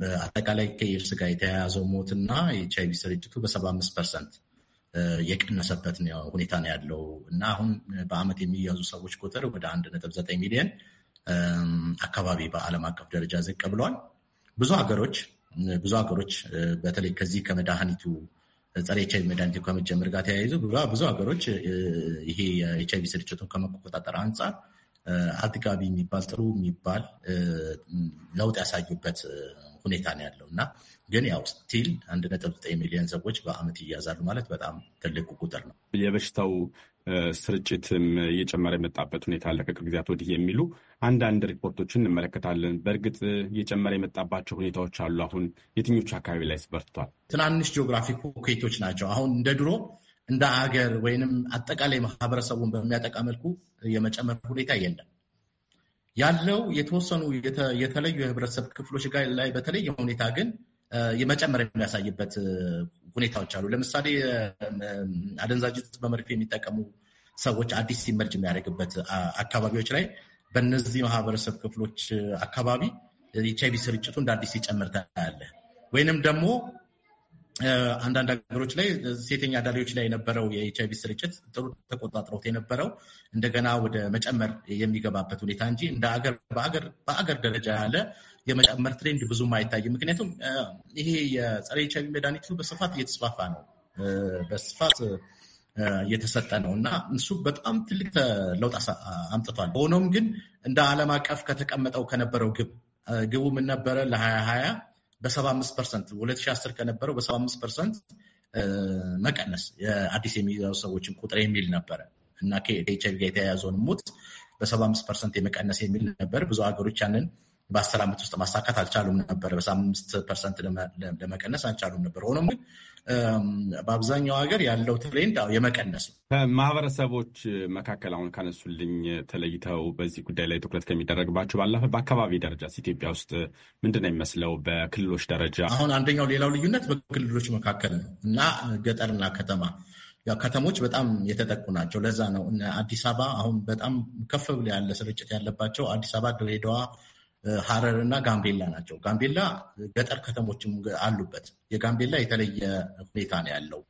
በአጠቃላይ ከኤድስ ጋር የተያያዘው ሞት እና የኤች አይቪ ስርጭቱ በሰባ አምስት ፐርሰንት የቀነሰበት ሁኔታ ነው ያለው እና አሁን በዓመት የሚያዙ ሰዎች ቁጥር ወደ አንድ ነጥብ ዘጠኝ ሚሊዮን አካባቢ በዓለም አቀፍ ደረጃ ዝቅ ብለዋል። ብዙ ሀገሮች ብዙ ሀገሮች በተለይ ከዚህ ከመድኃኒቱ ጸረ ኤችአይቪ መድኃኒቱ ከመጀመር ጋር ተያይዞ ብዙ ሀገሮች ይሄ የኤችአይቪ ስርጭቱን ከመቆጣጠር አንጻር አጥጋቢ የሚባል ጥሩ የሚባል ለውጥ ያሳዩበት ሁኔታ ነው ያለው እና ግን ያው ስቲል አንድ ነጥብ ዘጠኝ ሚሊዮን ሰዎች በአመት ይያዛሉ ማለት በጣም ትልቅ ቁጥር ነው። የበሽታው ስርጭትም እየጨመረ የመጣበት ሁኔታ አለ ከቅርብ ጊዜያት ወዲህ የሚሉ አንዳንድ ሪፖርቶችን እንመለከታለን። በእርግጥ እየጨመረ የመጣባቸው ሁኔታዎች አሉ። አሁን የትኞቹ አካባቢ ላይ ስበርትቷል? ትናንሽ ጂኦግራፊ ፖኬቶች ናቸው። አሁን እንደ ድሮ እንደ ሀገር ወይንም አጠቃላይ ማህበረሰቡን በሚያጠቃ መልኩ የመጨመር ሁኔታ የለም። ያለው የተወሰኑ የተለዩ የህብረተሰብ ክፍሎች ጋር ላይ በተለየ ሁኔታ ግን የመጨመር የሚያሳይበት ሁኔታዎች አሉ። ለምሳሌ አደንዛዥ ዕፅ በመርፌ የሚጠቀሙ ሰዎች አዲስ ሲመርጅ የሚያደርግበት አካባቢዎች ላይ በእነዚህ ማህበረሰብ ክፍሎች አካባቢ ኤች ስርጭቱ እንደ አዲስ ሲጨምር ታያለ። ወይንም ደግሞ አንዳንድ ሀገሮች ላይ ሴተኛ አዳሪዎች ላይ የነበረው የኤች ስርጭት ጥሩ ተቆጣጥሮት የነበረው እንደገና ወደ መጨመር የሚገባበት ሁኔታ እንጂ እንደ በአገር ደረጃ ያለ የመጨመር ትሬንድ ብዙም አይታይም። ምክንያቱም ይሄ የጸረ ኤች አይ መድኃኒቱ በስፋት እየተስፋፋ ነው፣ በስፋት እየተሰጠ ነው እና እሱ በጣም ትልቅ ለውጥ አምጥቷል። ሆኖም ግን እንደ ዓለም አቀፍ ከተቀመጠው ከነበረው ግብ ግቡ ምን ነበረ ለ2020 በ75 ፐርሰንት 2010 ከነበረው በ75 ፐርሰንት መቀነስ የአዲስ የሚያዙ ሰዎችን ቁጥር የሚል ነበረ እና ከኤች አይ ጋር የተያያዘውን ሞት በ75 ፐርሰንት የመቀነስ የሚል ነበር። ብዙ ሀገሮች ያንን በአስር ዓመት ውስጥ ማሳካት አልቻሉም ነበር። በአምስት ፐርሰንት ለመቀነስ አልቻሉም ነበር። ሆኖም ግን በአብዛኛው ሀገር ያለው ትሬንድ የመቀነስ ነው። ከማህበረሰቦች መካከል አሁን ካነሱልኝ ተለይተው በዚህ ጉዳይ ላይ ትኩረት ከሚደረግባቸው ባለፈ በአካባቢ ደረጃ ኢትዮጵያ ውስጥ ምንድን ነው የሚመስለው? በክልሎች ደረጃ አሁን አንደኛው ሌላው ልዩነት በክልሎች መካከል ነው እና ገጠርና ከተማ ከተሞች በጣም የተጠቁ ናቸው። ለዛ ነው አዲስ አበባ አሁን በጣም ከፍ ብሎ ያለ ስርጭት ያለባቸው አዲስ አበባ፣ ድሬዳዋ ሀረር እና ጋምቤላ ናቸው። ጋምቤላ ገጠር ከተሞችም አሉበት። የጋምቤላ የተለየ ሁኔታ ነው ያለው።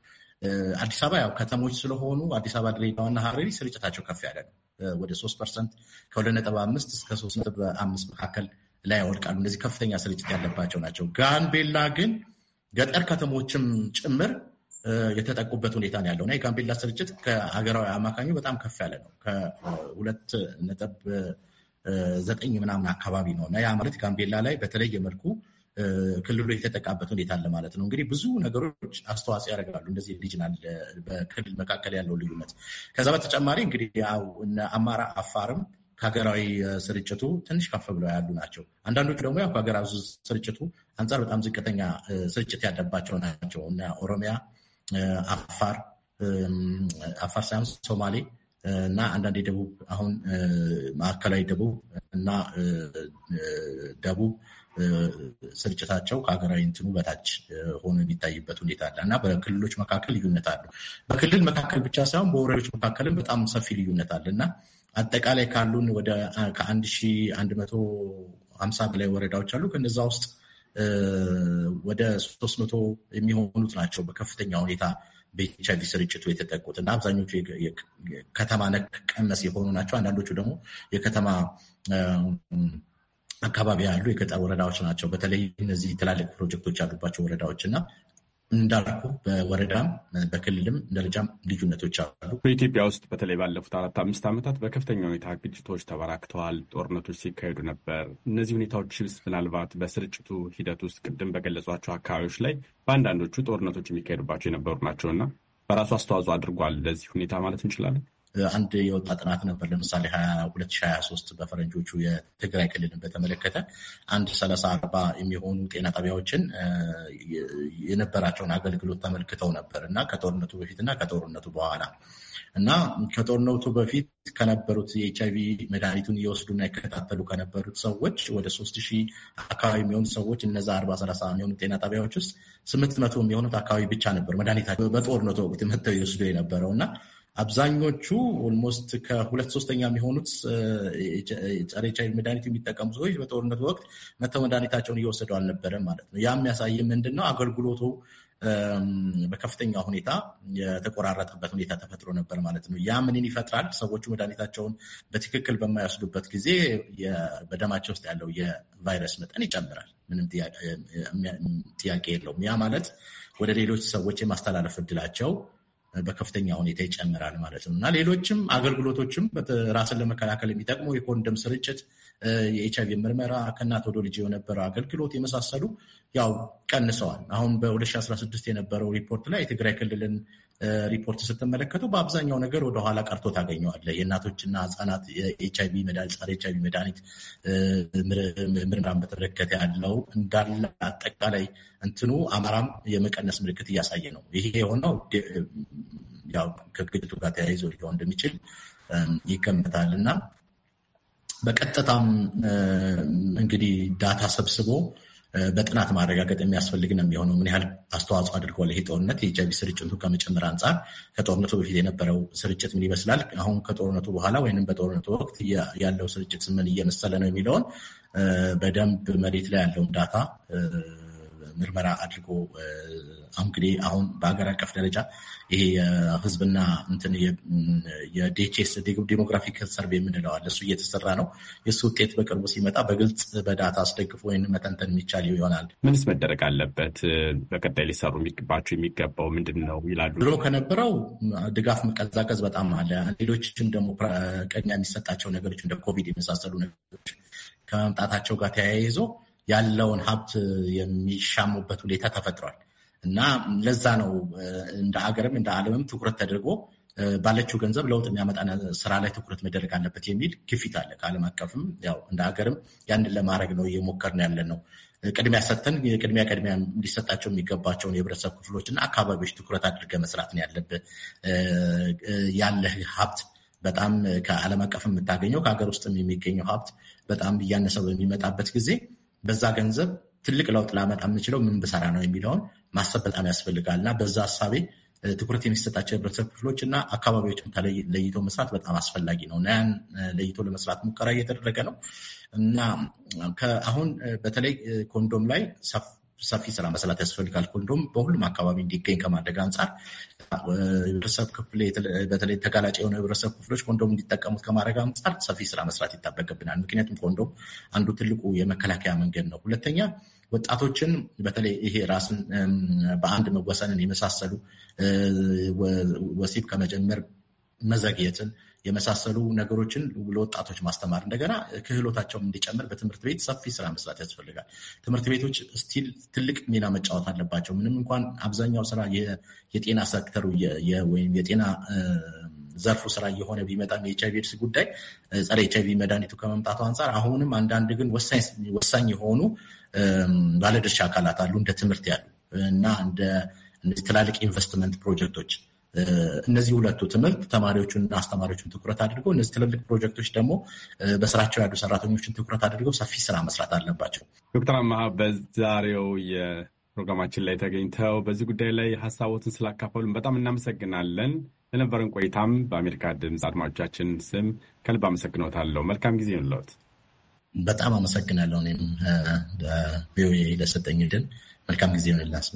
አዲስ አበባ ያው ከተሞች ስለሆኑ አዲስ አበባ፣ ድሬዳዋና ሀረሪ ስርጭታቸው ከፍ ያለ ነው። ወደ ሶስት ፐርሰንት ከሁለት ነጥብ አምስት እስከ ሶስት ነጥብ አምስት መካከል ላይ ያወድቃሉ። እነዚህ ከፍተኛ ስርጭት ያለባቸው ናቸው። ጋምቤላ ግን ገጠር ከተሞችም ጭምር የተጠቁበት ሁኔታ ነው ያለው እና የጋምቤላ ስርጭት ከሀገራዊ አማካኙ በጣም ከፍ ያለ ነው ከሁለት ነጥብ ዘጠኝ ምናምን አካባቢ ነው እና ያ ማለት ጋምቤላ ላይ በተለየ መልኩ ክልሉ የተጠቃበት ሁኔታ አለ ማለት ነው። እንግዲህ ብዙ ነገሮች አስተዋጽኦ ያደርጋሉ እንደዚህ ሪጅናል በክልል መካከል ያለው ልዩነት። ከዛ በተጨማሪ እንግዲህ ያው አማራ አፋርም ከሀገራዊ ስርጭቱ ትንሽ ከፍ ብለው ያሉ ናቸው። አንዳንዶቹ ደግሞ ያው ከሀገራዊ ስርጭቱ አንጻር በጣም ዝቅተኛ ስርጭት ያለባቸው ናቸው እና ኦሮሚያ፣ አፋር አፋር ሳይሆን ሶማሌ እና አንዳንድ የደቡብ አሁን ማዕከላዊ ደቡብ እና ደቡብ ስርጭታቸው ከሀገራዊ እንትኑ በታች ሆኖ የሚታይበት ሁኔታ አለ እና በክልሎች መካከል ልዩነት አሉ። በክልል መካከል ብቻ ሳይሆን በወረዶች መካከልም በጣም ሰፊ ልዩነት አለ እና አጠቃላይ ካሉን ወደ ከአንድ ሺ አንድ መቶ ሀምሳ በላይ ወረዳዎች አሉ። ከነዛ ውስጥ ወደ ሶስት መቶ የሚሆኑት ናቸው በከፍተኛ ሁኔታ በኤች አይቪ ስርጭቱ የተጠቁት እና አብዛኞቹ ከተማ ነክ ቀመስ የሆኑ ናቸው። አንዳንዶቹ ደግሞ የከተማ አካባቢ ያሉ የገጠር ወረዳዎች ናቸው። በተለይ እነዚህ ትላልቅ ፕሮጀክቶች ያሉባቸው ወረዳዎች እና እንዳልኩ በወረዳም በክልልም ደረጃም ልዩነቶች አሉ። በኢትዮጵያ ውስጥ በተለይ ባለፉት አራት አምስት ዓመታት በከፍተኛ ሁኔታ ግጭቶች ተበራክተዋል። ጦርነቶች ሲካሄዱ ነበር። እነዚህ ውስጥ ምናልባት በስርጭቱ ሂደት ውስጥ ቅድም በገለጿቸው አካባቢዎች ላይ በአንዳንዶቹ ጦርነቶች የሚካሄዱባቸው የነበሩ እና በራሱ አስተዋጽኦ አድርጓል ለዚህ ሁኔታ ማለት እንችላለን። አንድ የወጣ ጥናት ነበር። ለምሳሌ 2023 በፈረንጆቹ የትግራይ ክልልን በተመለከተ አንድ ሰላሳ አርባ የሚሆኑ ጤና ጣቢያዎችን የነበራቸውን አገልግሎት ተመልክተው ነበር እና ከጦርነቱ በፊት እና ከጦርነቱ በኋላ እና ከጦርነቱ በፊት ከነበሩት የኤች አይቪ መድኃኒቱን እየወስዱና ይከታተሉ ከነበሩት ሰዎች ወደ ሶስት ሺህ አካባቢ የሚሆኑ ሰዎች እነዛ አርባ ሰላሳ የሚሆኑ ጤና ጣቢያዎች ውስጥ ስምንት መቶ የሚሆኑት አካባቢ ብቻ ነበር መድኃኒታቸው በጦርነቱ ወቅት መጥተው ይወስዱ የነበረው እና አብዛኞቹ ኦልሞስት ከሁለት ሶስተኛ የሚሆኑት ጸረ ኤችአይቪ መድኃኒት የሚጠቀሙ ሰዎች በጦርነቱ ወቅት መተው መድኃኒታቸውን እየወሰዱ አልነበረም ማለት ነው። ያ የሚያሳይ ምንድን ነው? አገልግሎቱ በከፍተኛ ሁኔታ የተቆራረጠበት ሁኔታ ተፈጥሮ ነበር ማለት ነው። ያ ምንን ይፈጥራል? ሰዎቹ መድኃኒታቸውን በትክክል በማይወስዱበት ጊዜ በደማቸው ውስጥ ያለው የቫይረስ መጠን ይጨምራል። ምንም ጥያቄ የለውም። ያ ማለት ወደ ሌሎች ሰዎች የማስተላለፍ እድላቸው በከፍተኛ ሁኔታ ይጨምራል ማለት ነው እና ሌሎችም አገልግሎቶችም ራስን ለመከላከል የሚጠቅሙ የኮንደም ስርጭት አይቪ ምርመራ ከእናት ወደ ልጅ የነበረው አገልግሎት የመሳሰሉ ያው ቀንሰዋል። አሁን በ2016 የነበረው ሪፖርት ላይ የትግራይ ክልልን ሪፖርት ስትመለከቱ በአብዛኛው ነገር ወደኋላ ቀርቶ ታገኘዋለ። የእናቶችና ህጻናት የኤችአይቪ መድኃኒት ጸረ ኤችአይቪ መድኃኒት ምርምራን በተመለከተ ያለው እንዳለ አጠቃላይ እንትኑ አማራም የመቀነስ ምልክት እያሳየ ነው። ይሄ የሆነው ያው ከግጭቱ ጋር ተያይዞ ሊሆን እንደሚችል ይገመታል እና በቀጥታም እንግዲህ ዳታ ሰብስቦ በጥናት ማረጋገጥ የሚያስፈልግ ነው የሚሆነው። ምን ያህል አስተዋጽኦ አድርገዋል ይሄ ጦርነት የኤች ስርጭቱ ከመጨመር አንጻር ከጦርነቱ በፊት የነበረው ስርጭት ምን ይመስላል፣ አሁን ከጦርነቱ በኋላ ወይም በጦርነቱ ወቅት ያለው ስርጭት ምን እየመሰለ ነው የሚለውን በደንብ መሬት ላይ ያለውን ዳታ ምርመራ አድርጎ እንግዲህ አሁን በሀገር አቀፍ ደረጃ ይሄ የህዝብና እንትን የዴቼስ ዴሞግራፊክ ሰርቬ የምንለዋል እሱ እየተሰራ ነው። የእሱ ውጤት በቅርቡ ሲመጣ በግልጽ በዳታ አስደግፎ ወይም መተንተን የሚቻል ይሆናል። ምንስ መደረግ አለበት? በቀጣይ ሊሰሩ የሚባቸው የሚገባው ምንድን ነው ይላሉ። ድሮ ከነበረው ድጋፍ መቀዛቀዝ በጣም አለ። ሌሎችም ደግሞ ቅድሚያ የሚሰጣቸው ነገሮች እንደ ኮቪድ የመሳሰሉ ነገሮች ከመምጣታቸው ጋር ተያይዞ ያለውን ሀብት የሚሻሙበት ሁኔታ ተፈጥሯል እና ለዛ ነው እንደ ሀገርም እንደ ዓለምም ትኩረት ተደርጎ ባለችው ገንዘብ ለውጥ የሚያመጣ ስራ ላይ ትኩረት መደረግ አለበት የሚል ግፊት አለ። ከዓለም አቀፍም ያው እንደ ሀገርም ያንን ለማድረግ ነው እየሞከርን ያለን ነው። ቅድሚያ ሰጥተን ቅድሚያ ቅድሚያ ሊሰጣቸው የሚገባቸውን የህብረተሰብ ክፍሎች እና አካባቢዎች ትኩረት አድርገ መስራት ነው ያለብህ። ያለህ ሀብት በጣም ከዓለም አቀፍ የምታገኘው ከሀገር ውስጥም የሚገኘው ሀብት በጣም እያነሰው በሚመጣበት ጊዜ በዛ ገንዘብ ትልቅ ለውጥ ላመጣ የምችለው ምን ብሰራ ነው የሚለውን ማሰብ በጣም ያስፈልጋል እና በዛ ሀሳቤ ትኩረት የሚሰጣቸው የህብረተሰብ ክፍሎች እና አካባቢዎችን ለይቶ መስራት በጣም አስፈላጊ ነው እና ያን ለይቶ ለመስራት ሙከራ እየተደረገ ነው እና አሁን በተለይ ኮንዶም ላይ ሰፍ ሰፊ ስራ መሰላት ያስፈልጋል። ኮንዶም በሁሉም አካባቢ እንዲገኝ ከማድረግ አንጻር ህብረተሰብ ክፍል በተለይ ተጋላጭ የሆነ ህብረተሰብ ክፍሎች ኮንዶም እንዲጠቀሙት ከማድረግ አንጻር ሰፊ ስራ መስራት ይጠበቅብናል። ምክንያቱም ኮንዶም አንዱ ትልቁ የመከላከያ መንገድ ነው። ሁለተኛ ወጣቶችን በተለይ ይሄ ራስን በአንድ መወሰንን የመሳሰሉ ወሲብ ከመጀመር መዘግየትን የመሳሰሉ ነገሮችን ለወጣቶች ማስተማር እንደገና ክህሎታቸውም እንዲጨምር በትምህርት ቤት ሰፊ ስራ መስራት ያስፈልጋል። ትምህርት ቤቶች ስቲል ትልቅ ሚና መጫወት አለባቸው። ምንም እንኳን አብዛኛው ስራ የጤና ሰክተሩ ወይም የጤና ዘርፉ ስራ እየሆነ ቢመጣም የኤች አይቪ ኤድስ ጉዳይ ጸረ ኤች አይቪ መድኃኒቱ ከመምጣቱ አንጻር አሁንም አንዳንድ ግን ወሳኝ የሆኑ ባለድርሻ አካላት አሉ እንደ ትምህርት ያሉ እና እንደ ትላልቅ ኢንቨስትመንት ፕሮጀክቶች እነዚህ ሁለቱ ትምህርት ተማሪዎቹንና አስተማሪዎቹን ትኩረት አድርገው፣ እነዚህ ትልልቅ ፕሮጀክቶች ደግሞ በስራቸው ያሉ ሰራተኞችን ትኩረት አድርገው ሰፊ ስራ መስራት አለባቸው። ዶክተር አመሀ በዛሬው የፕሮግራማችን ላይ ተገኝተው በዚህ ጉዳይ ላይ ሀሳቦትን ስላካፈሉን በጣም እናመሰግናለን። ለነበረን ቆይታም በአሜሪካ ድምፅ አድማጮቻችን ስም ከልብ አመሰግኖታለሁ። መልካም ጊዜ ይሁንልዎት። በጣም አመሰግናለሁ። እኔም ቪኦኤ ለሰጠኝ ድን መልካም ጊዜ ይሁንልዎት።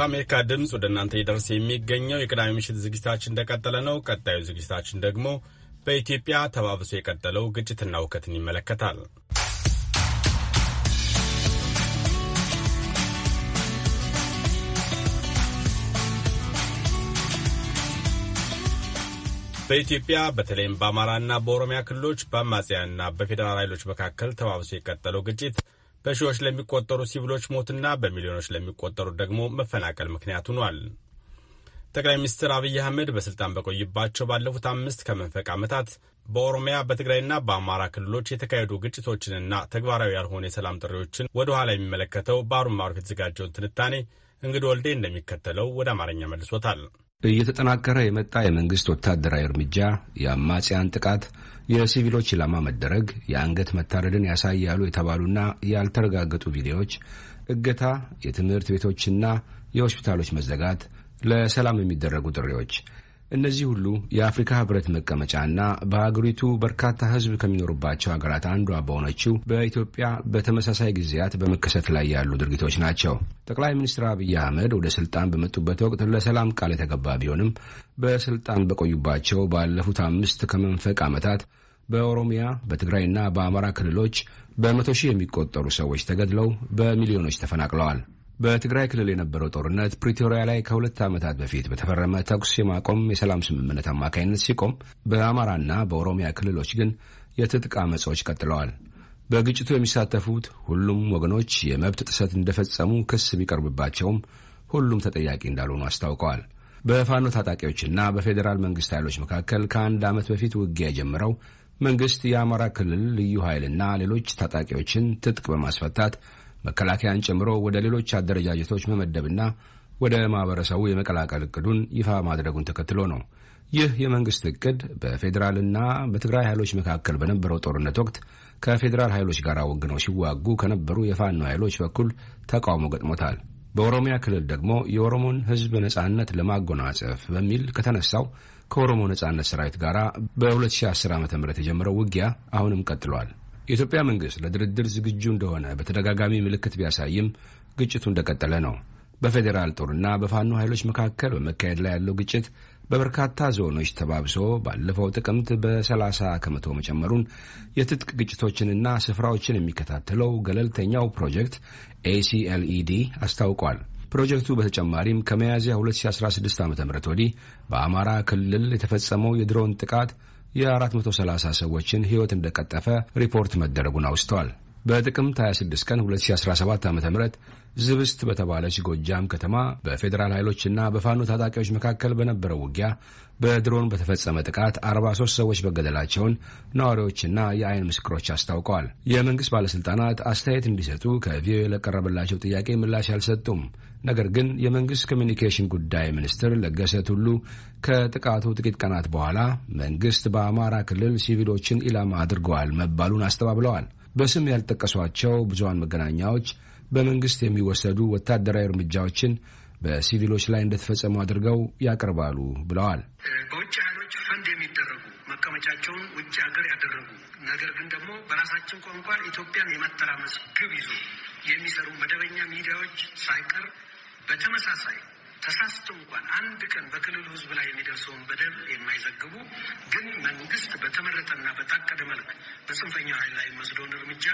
ከአሜሪካ ድምፅ ወደ እናንተ ይደርስ የሚገኘው የቅዳሜ ምሽት ዝግጅታችን እንደቀጠለ ነው። ቀጣዩ ዝግጅታችን ደግሞ በኢትዮጵያ ተባብሶ የቀጠለው ግጭትና ውከትን ይመለከታል። በኢትዮጵያ በተለይም በአማራና በኦሮሚያ ክልሎች በአማጽያንና በፌዴራል ኃይሎች መካከል ተባብሶ የቀጠለው ግጭት በሺዎች ለሚቆጠሩ ሲቪሎች ሞትና በሚሊዮኖች ለሚቆጠሩ ደግሞ መፈናቀል ምክንያት ሆኗል። ጠቅላይ ሚኒስትር አብይ አህመድ በስልጣን በቆይባቸው ባለፉት አምስት ከመንፈቅ ዓመታት በኦሮሚያ በትግራይና በአማራ ክልሎች የተካሄዱ ግጭቶችንና ተግባራዊ ያልሆኑ የሰላም ጥሪዎችን ወደ ኋላ የሚመለከተው በአሩን ማሩፍ የተዘጋጀውን ትንታኔ እንግዲ ወልዴ እንደሚከተለው ወደ አማርኛ መልሶታል። እየተጠናከረ የመጣ የመንግስት ወታደራዊ እርምጃ፣ የአማጽያን ጥቃት፣ የሲቪሎች ኢላማ መደረግ፣ የአንገት መታረድን ያሳያሉ የተባሉና ያልተረጋገጡ ቪዲዮዎች፣ እገታ፣ የትምህርት ቤቶችና የሆስፒታሎች መዘጋት፣ ለሰላም የሚደረጉ ጥሪዎች እነዚህ ሁሉ የአፍሪካ ህብረት መቀመጫና በሀገሪቱ በርካታ ህዝብ ከሚኖሩባቸው ሀገራት አንዷ በሆነችው በኢትዮጵያ በተመሳሳይ ጊዜያት በመከሰት ላይ ያሉ ድርጊቶች ናቸው። ጠቅላይ ሚኒስትር አብይ አህመድ ወደ ስልጣን በመጡበት ወቅት ለሰላም ቃል የተገባ ቢሆንም በስልጣን በቆዩባቸው ባለፉት አምስት ከመንፈቅ ዓመታት በኦሮሚያ በትግራይና በአማራ ክልሎች በመቶ ሺህ የሚቆጠሩ ሰዎች ተገድለው በሚሊዮኖች ተፈናቅለዋል። በትግራይ ክልል የነበረው ጦርነት ፕሪቶሪያ ላይ ከሁለት ዓመታት በፊት በተፈረመ ተኩስ የማቆም የሰላም ስምምነት አማካኝነት ሲቆም በአማራና በኦሮሚያ ክልሎች ግን የትጥቅ አመጾች ቀጥለዋል። በግጭቱ የሚሳተፉት ሁሉም ወገኖች የመብት ጥሰት እንደፈጸሙ ክስ ቢቀርብባቸውም ሁሉም ተጠያቂ እንዳልሆኑ አስታውቀዋል። በፋኖ ታጣቂዎችና በፌዴራል መንግስት ኃይሎች መካከል ከአንድ ዓመት በፊት ውጊያ የጀመረው መንግስት የአማራ ክልል ልዩ ኃይልና ሌሎች ታጣቂዎችን ትጥቅ በማስፈታት መከላከያን ጨምሮ ወደ ሌሎች አደረጃጀቶች መመደብና ወደ ማህበረሰቡ የመቀላቀል እቅዱን ይፋ ማድረጉን ተከትሎ ነው። ይህ የመንግስት እቅድ በፌዴራልና በትግራይ ኃይሎች መካከል በነበረው ጦርነት ወቅት ከፌዴራል ኃይሎች ጋር ወግነው ሲዋጉ ከነበሩ የፋኖ ኃይሎች በኩል ተቃውሞ ገጥሞታል። በኦሮሚያ ክልል ደግሞ የኦሮሞን ሕዝብ ነጻነት ለማጎናጸፍ በሚል ከተነሳው ከኦሮሞ ነጻነት ሰራዊት ጋር በ2010 ዓ ም የጀመረው ውጊያ አሁንም ቀጥሏል። የኢትዮጵያ መንግሥት ለድርድር ዝግጁ እንደሆነ በተደጋጋሚ ምልክት ቢያሳይም ግጭቱ እንደቀጠለ ነው። በፌዴራል ጦርና በፋኖ ኃይሎች መካከል በመካሄድ ላይ ያለው ግጭት በበርካታ ዞኖች ተባብሶ ባለፈው ጥቅምት በ30 ከመቶ መጨመሩን የትጥቅ ግጭቶችንና ስፍራዎችን የሚከታተለው ገለልተኛው ፕሮጀክት ኤሲኤልኢዲ አስታውቋል። ፕሮጀክቱ በተጨማሪም ከሚያዝያ 2016 ዓ ም ወዲህ በአማራ ክልል የተፈጸመው የድሮን ጥቃት የ430 ሰዎችን ሕይወት እንደቀጠፈ ሪፖርት መደረጉን አውስተዋል። በጥቅምት 26 ቀን 2017 ዓ ም ዝብስት በተባለች ጎጃም ከተማ በፌዴራል ኃይሎችና በፋኖ ታጣቂዎች መካከል በነበረው ውጊያ በድሮን በተፈጸመ ጥቃት 43 ሰዎች መገደላቸውን ነዋሪዎችና የአይን ምስክሮች አስታውቀዋል። የመንግሥት ባለሥልጣናት አስተያየት እንዲሰጡ ከቪኦኤ ለቀረበላቸው ጥያቄ ምላሽ አልሰጡም። ነገር ግን የመንግሥት ኮሚኒኬሽን ጉዳይ ሚኒስትር ለገሰ ቱሉ ከጥቃቱ ጥቂት ቀናት በኋላ መንግሥት በአማራ ክልል ሲቪሎችን ኢላማ አድርገዋል መባሉን አስተባብለዋል። በስም ያልጠቀሷቸው ብዙሃን መገናኛዎች በመንግስት የሚወሰዱ ወታደራዊ እርምጃዎችን በሲቪሎች ላይ እንደተፈጸሙ አድርገው ያቀርባሉ ብለዋል። በውጭ ኃይሎች ፈንድ የሚደረጉ መቀመጫቸውን ውጭ ሀገር ያደረጉ ነገር ግን ደግሞ በራሳችን ቋንቋ ኢትዮጵያን የማተራመስ ግብ ይዞ የሚሰሩ መደበኛ ሚዲያዎች ሳይቀር በተመሳሳይ ተሳስቶ እንኳን አንድ ቀን በክልሉ ሕዝብ ላይ የሚደርሰውን በደል የማይዘግቡ ግን መንግስት በተመረጠና በታቀደ መልክ በጽንፈኛው ኃይል ላይ መስዶን እርምጃ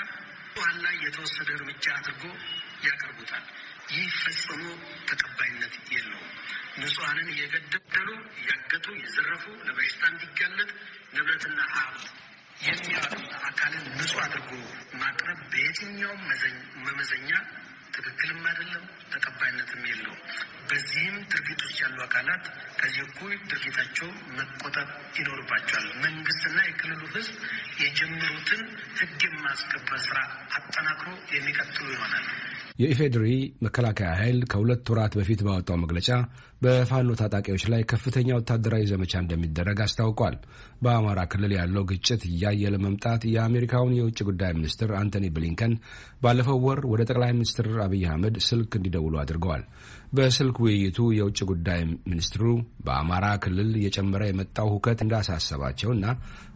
በንጹሐን ላይ የተወሰደ እርምጃ አድርጎ ያቀርቡታል። ይህ ፈጽሞ ተቀባይነት የለውም። ንጹሐንን እየገደሉ እያገቱ የዘረፉ ለበሽታ እንዲጋለጥ ንብረትና ሀብት የሚያወጣ አካልን ንጹህ አድርጎ ማቅረብ በየትኛውም መመዘኛ ትክክልም አይደለም፣ ተቀባይነትም የለው በዚህም ድርጊት ውስጥ ያሉ አካላት ከዚህ እኩይ ድርጊታቸው መቆጠብ ይኖርባቸዋል። መንግስትና የክልሉ ህዝብ የጀመሩትን ህግ የማስከበር ስራ አጠናክሮ የሚቀጥሉ ይሆናል። የኢፌዴሪ መከላከያ ኃይል ከሁለት ወራት በፊት ባወጣው መግለጫ በፋኖ ታጣቂዎች ላይ ከፍተኛ ወታደራዊ ዘመቻ እንደሚደረግ አስታውቋል። በአማራ ክልል ያለው ግጭት እያየለ መምጣት የአሜሪካውን የውጭ ጉዳይ ሚኒስትር አንቶኒ ብሊንከን ባለፈው ወር ወደ ጠቅላይ ሚኒስትር አብይ አህመድ ስልክ እንዲደውሉ አድርገዋል። በስልክ ውይይቱ የውጭ ጉዳይ ሚኒስትሩ በአማራ ክልል እየጨመረ የመጣው ሁከት እንዳሳሰባቸውና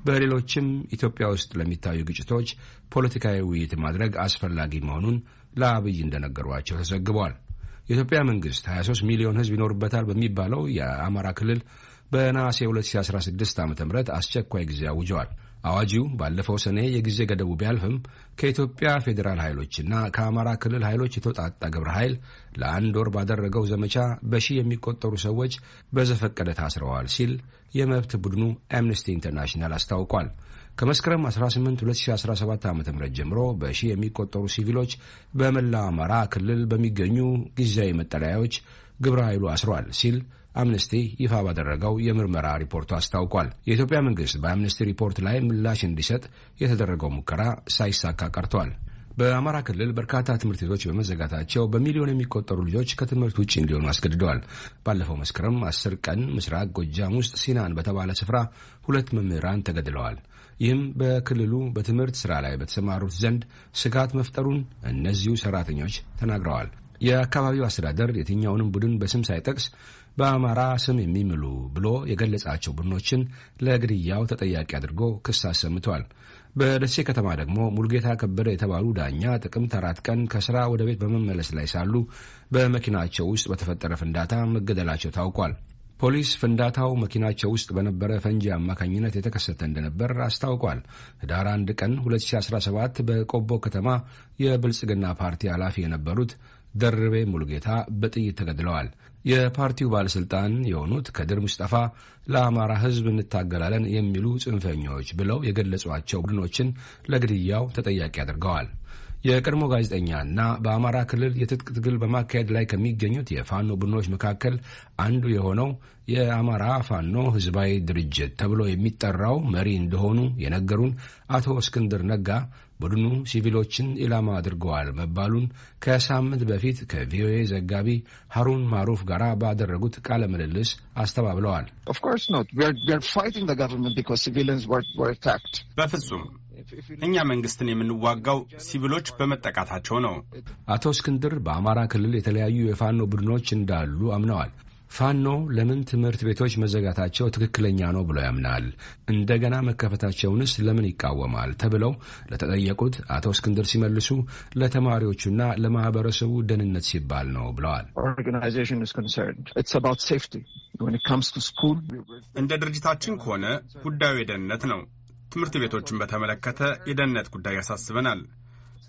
በሌሎችም ኢትዮጵያ ውስጥ ለሚታዩ ግጭቶች ፖለቲካዊ ውይይት ማድረግ አስፈላጊ መሆኑን ለአብይ እንደነገሯቸው ተዘግቧል። የኢትዮጵያ መንግስት 23 ሚሊዮን ህዝብ ይኖርበታል በሚባለው የአማራ ክልል በነሐሴ 2016 ዓ ም አስቸኳይ ጊዜ አውጀዋል። አዋጂው ባለፈው ሰኔ የጊዜ ገደቡ ቢያልፍም ከኢትዮጵያ ፌዴራል ኃይሎችና ከአማራ ክልል ኃይሎች የተውጣጣ ግብረ ኃይል ለአንድ ወር ባደረገው ዘመቻ በሺህ የሚቆጠሩ ሰዎች በዘፈቀደ ታስረዋል ሲል የመብት ቡድኑ አምነስቲ ኢንተርናሽናል አስታውቋል። ከመስከረም 18 2017 ዓ ም ጀምሮ በሺ የሚቆጠሩ ሲቪሎች በመላ አማራ ክልል በሚገኙ ጊዜያዊ መጠለያዎች ግብረ ኃይሉ አስሯል ሲል አምነስቲ ይፋ ባደረገው የምርመራ ሪፖርቱ አስታውቋል። የኢትዮጵያ መንግሥት በአምነስቲ ሪፖርት ላይ ምላሽ እንዲሰጥ የተደረገው ሙከራ ሳይሳካ ቀርቷል። በአማራ ክልል በርካታ ትምህርት ቤቶች በመዘጋታቸው በሚሊዮን የሚቆጠሩ ልጆች ከትምህርት ውጭ እንዲሆኑ አስገድደዋል። ባለፈው መስከረም አስር ቀን ምስራቅ ጎጃም ውስጥ ሲናን በተባለ ስፍራ ሁለት መምህራን ተገድለዋል። ይህም በክልሉ በትምህርት ሥራ ላይ በተሰማሩት ዘንድ ስጋት መፍጠሩን እነዚሁ ሰራተኞች ተናግረዋል። የአካባቢው አስተዳደር የትኛውንም ቡድን በስም ሳይጠቅስ በአማራ ስም የሚምሉ ብሎ የገለጻቸው ቡድኖችን ለግድያው ተጠያቂ አድርጎ ክስ አሰምቷል። በደሴ ከተማ ደግሞ ሙልጌታ ከበደ የተባሉ ዳኛ ጥቅምት አራት ቀን ከስራ ወደ ቤት በመመለስ ላይ ሳሉ በመኪናቸው ውስጥ በተፈጠረ ፍንዳታ መገደላቸው ታውቋል። ፖሊስ ፍንዳታው መኪናቸው ውስጥ በነበረ ፈንጂ አማካኝነት የተከሰተ እንደነበር አስታውቋል። ህዳር 1 ቀን 2017 በቆቦ ከተማ የብልጽግና ፓርቲ ኃላፊ የነበሩት ደርቤ ሙሉጌታ በጥይት ተገድለዋል። የፓርቲው ባለሥልጣን የሆኑት ከድር ሙስጠፋ ለአማራ ሕዝብ እንታገላለን የሚሉ ጽንፈኞች ብለው የገለጿቸው ቡድኖችን ለግድያው ተጠያቂ አድርገዋል። የቀድሞ ጋዜጠኛ እና በአማራ ክልል የትጥቅ ትግል በማካሄድ ላይ ከሚገኙት የፋኖ ቡድኖች መካከል አንዱ የሆነው የአማራ ፋኖ ህዝባዊ ድርጅት ተብሎ የሚጠራው መሪ እንደሆኑ የነገሩን አቶ እስክንድር ነጋ ቡድኑ ሲቪሎችን ኢላማ አድርገዋል መባሉን ከሳምንት በፊት ከቪኦኤ ዘጋቢ ሀሩን ማሩፍ ጋር ባደረጉት ቃለ ምልልስ አስተባብለዋል። በፍጹም እኛ መንግስትን የምንዋጋው ሲቪሎች በመጠቃታቸው ነው። አቶ እስክንድር በአማራ ክልል የተለያዩ የፋኖ ቡድኖች እንዳሉ አምነዋል። ፋኖ ለምን ትምህርት ቤቶች መዘጋታቸው ትክክለኛ ነው ብሎ ያምናል? እንደገና መከፈታቸውንስ ለምን ይቃወማል? ተብለው ለተጠየቁት አቶ እስክንድር ሲመልሱ ለተማሪዎቹና ለማህበረሰቡ ደህንነት ሲባል ነው ብለዋል። እንደ ድርጅታችን ከሆነ ጉዳዩ የደህንነት ነው። ትምህርት ቤቶችን በተመለከተ የደህንነት ጉዳይ ያሳስበናል።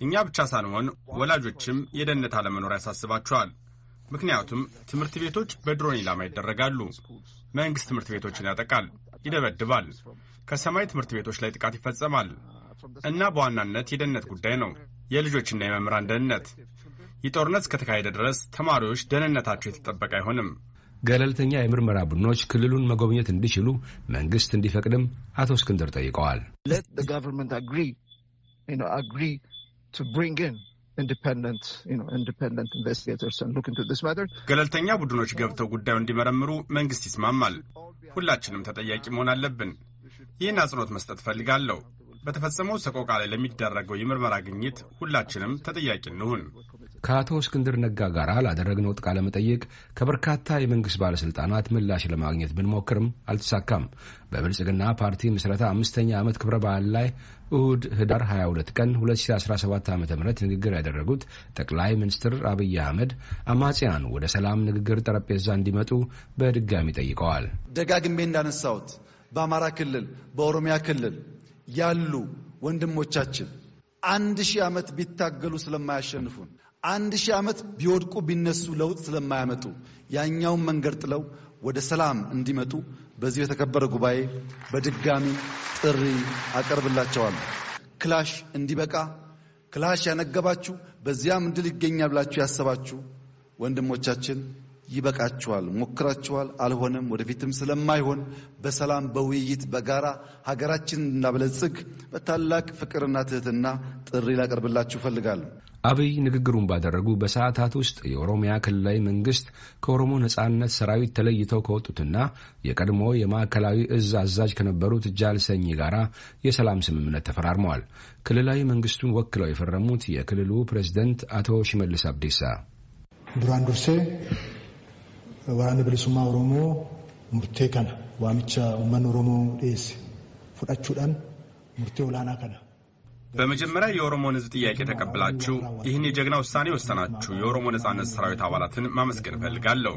እኛ ብቻ ሳንሆን ወላጆችም የደህንነት አለመኖር ያሳስባቸዋል። ምክንያቱም ትምህርት ቤቶች በድሮን ኢላማ ይደረጋሉ። መንግሥት ትምህርት ቤቶችን ያጠቃል፣ ይደበድባል። ከሰማይ ትምህርት ቤቶች ላይ ጥቃት ይፈጸማል እና በዋናነት የደህንነት ጉዳይ ነው፣ የልጆችና የመምህራን ደህንነት። ይህ ጦርነት እስከተካሄደ ድረስ ተማሪዎች ደህንነታቸው የተጠበቀ አይሆንም። ገለልተኛ የምርመራ ቡድኖች ክልሉን መጎብኘት እንዲችሉ መንግስት እንዲፈቅድም አቶ እስክንድር ጠይቀዋል። ገለልተኛ ቡድኖች ገብተው ጉዳዩ እንዲመረምሩ መንግስት ይስማማል። ሁላችንም ተጠያቂ መሆን አለብን። ይህን አጽንኦት መስጠት እፈልጋለሁ። በተፈጸመው ሰቆቃ ላይ ለሚደረገው የምርመራ ግኝት ሁላችንም ተጠያቂ እንሁን። ከአቶ እስክንድር ነጋ ጋር ላደረግነው ቃለ መጠይቅ ከበርካታ የመንግሥት ባለሥልጣናት ምላሽ ለማግኘት ብንሞክርም አልተሳካም። በብልጽግና ፓርቲ ምስረታ አምስተኛ ዓመት ክብረ በዓል ላይ እሁድ ህዳር 22 ቀን 2017 ዓ ም ንግግር ያደረጉት ጠቅላይ ሚኒስትር አብይ አህመድ አማጽያን ወደ ሰላም ንግግር ጠረጴዛ እንዲመጡ በድጋሚ ጠይቀዋል። ደጋግሜ እንዳነሳሁት በአማራ ክልል፣ በኦሮሚያ ክልል ያሉ ወንድሞቻችን አንድ ሺህ ዓመት ቢታገሉ ስለማያሸንፉን አንድ ሺህ ዓመት ቢወድቁ ቢነሱ ለውጥ ስለማያመጡ ያኛውን መንገድ ጥለው ወደ ሰላም እንዲመጡ በዚህ የተከበረ ጉባኤ በድጋሚ ጥሪ አቀርብላቸዋል። ክላሽ እንዲበቃ ክላሽ ያነገባችሁ በዚያም እድል ይገኛል ብላችሁ ያሰባችሁ ወንድሞቻችን ይበቃችኋል። ሞክራችኋል፣ አልሆነም። ወደፊትም ስለማይሆን በሰላም በውይይት በጋራ ሀገራችን እናበለጽግ በታላቅ ፍቅርና ትህትና ጥሪ ላቀርብላችሁ እፈልጋለሁ። አብይ ንግግሩን ባደረጉ በሰዓታት ውስጥ የኦሮሚያ ክልላዊ መንግስት ከኦሮሞ ነጻነት ሰራዊት ተለይተው ከወጡትና የቀድሞ የማዕከላዊ እዝ አዛዥ ከነበሩት ጃልሰኝ ሰኝ ጋራ የሰላም ስምምነት ተፈራርመዋል። ክልላዊ መንግስቱን ወክለው የፈረሙት የክልሉ ፕሬዝደንት አቶ ሽመልስ አብዲሳ ዱራን ዱርሴ ወራን ብልሱማ ኦሮሞ ሙርቴ ከና ዋምቻ ኡመን ኦሮሞ ዴስ ፍዳችሁዳን ሙርቴ ኦላና ከና በመጀመሪያ የኦሮሞን ሕዝብ ጥያቄ ተቀብላችሁ ይህን የጀግና ውሳኔ ወሰናችሁ የኦሮሞ ነጻነት ሰራዊት አባላትን ማመስገን እፈልጋለሁ።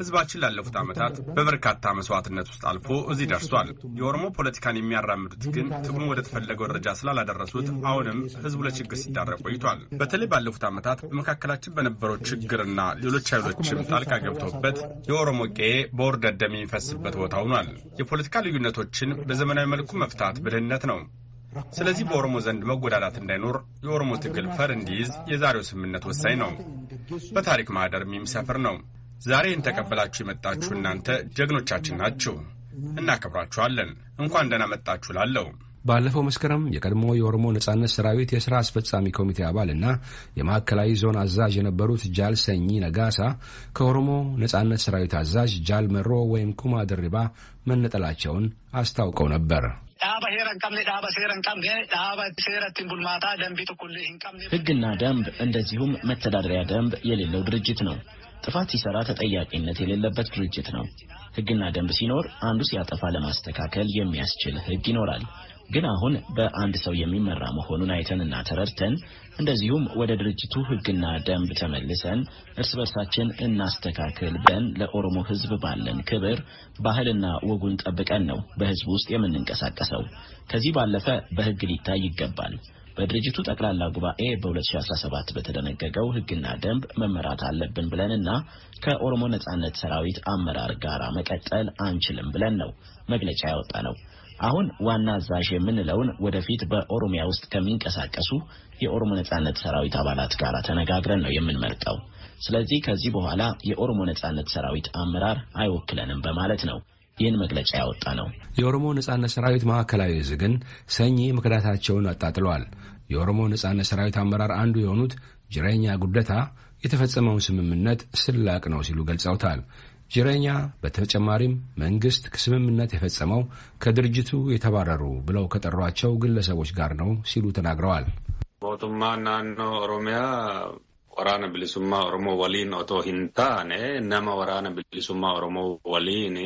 ሕዝባችን ላለፉት ዓመታት በበርካታ መስዋዕትነት ውስጥ አልፎ እዚህ ደርሷል። የኦሮሞ ፖለቲካን የሚያራምዱት ግን ትግሉን ወደ ተፈለገው ደረጃ ስላላደረሱት አሁንም ሕዝቡ ለችግር ሲዳረግ ቆይቷል። በተለይ ባለፉት ዓመታት በመካከላችን በነበረው ችግርና ሌሎች ኃይሎችም ጣልቃ ገብቶበት የኦሮሞ ቄ በወር የሚፈስበት ቦታ ሆኗል። የፖለቲካ ልዩነቶችን በዘመናዊ መልኩ መፍታት ብልህነት ነው። ስለዚህ በኦሮሞ ዘንድ መጎዳዳት እንዳይኖር የኦሮሞ ትግል ፈር እንዲይዝ የዛሬው ስምምነት ወሳኝ ነው። በታሪክ ማህደር የሚሰፍር ነው። ዛሬ እንተቀበላችሁ የመጣችሁ እናንተ ጀግኖቻችን ናችሁ። እናከብራችኋለን። እንኳን ደህና መጣችሁ ላለው ባለፈው መስከረም የቀድሞ የኦሮሞ ነጻነት ሰራዊት የሥራ አስፈጻሚ ኮሚቴ አባልና የማዕከላዊ ዞን አዛዥ የነበሩት ጃል ሰኚ ነጋሳ ከኦሮሞ ነጻነት ሰራዊት አዛዥ ጃል መሮ ወይም ኩማ ድሪባ መነጠላቸውን አስታውቀው ነበር። ሕግና ደንብ እንደዚሁም መተዳደሪያ ደንብ የሌለው ድርጅት ነው። ጥፋት ሲሰራ ተጠያቂነት የሌለበት ድርጅት ነው። ሕግና ደንብ ሲኖር አንዱ ሲያጠፋ ለማስተካከል የሚያስችል ሕግ ይኖራል። ግን አሁን በአንድ ሰው የሚመራ መሆኑን አይተንና ተረድተን እንደዚሁም ወደ ድርጅቱ ሕግና ደንብ ተመልሰን እርስ በርሳችን እናስተካክል ብለን ለኦሮሞ ሕዝብ ባለን ክብር ባህልና ወጉን ጠብቀን ነው በሕዝብ ውስጥ የምንንቀሳቀሰው። ከዚህ ባለፈ በሕግ ሊታይ ይገባል። በድርጅቱ ጠቅላላ ጉባኤ በ2017 በተደነገገው ህግና ደንብ መመራት አለብን ብለንና ከኦሮሞ ነጻነት ሰራዊት አመራር ጋር መቀጠል አንችልም ብለን ነው መግለጫ ያወጣ ነው። አሁን ዋና አዛዥ የምንለውን ወደፊት በኦሮሚያ ውስጥ ከሚንቀሳቀሱ የኦሮሞ ነጻነት ሰራዊት አባላት ጋር ተነጋግረን ነው የምንመርጠው። ስለዚህ ከዚህ በኋላ የኦሮሞ ነጻነት ሰራዊት አመራር አይወክለንም በማለት ነው ይህን መግለጫ ያወጣ ነው። የኦሮሞ ነጻነት ሰራዊት ማዕከላዊ እዝ ግን ሰኚ ምክንያታቸውን አጣጥለዋል። የኦሮሞ ነጻነት ሰራዊት አመራር አንዱ የሆኑት ጅረኛ ጉደታ የተፈጸመውን ስምምነት ስላቅ ነው ሲሉ ገልጸውታል። ጅረኛ በተጨማሪም መንግስት ስምምነት የፈጸመው ከድርጅቱ የተባረሩ ብለው ከጠሯቸው ግለሰቦች ጋር ነው ሲሉ ተናግረዋል። ቦቱማ ናኖ ኦሮሚያ waraana bilisummaa Oromoo waliin otoo hin taane nama waraana bilisummaa Oromoo waliin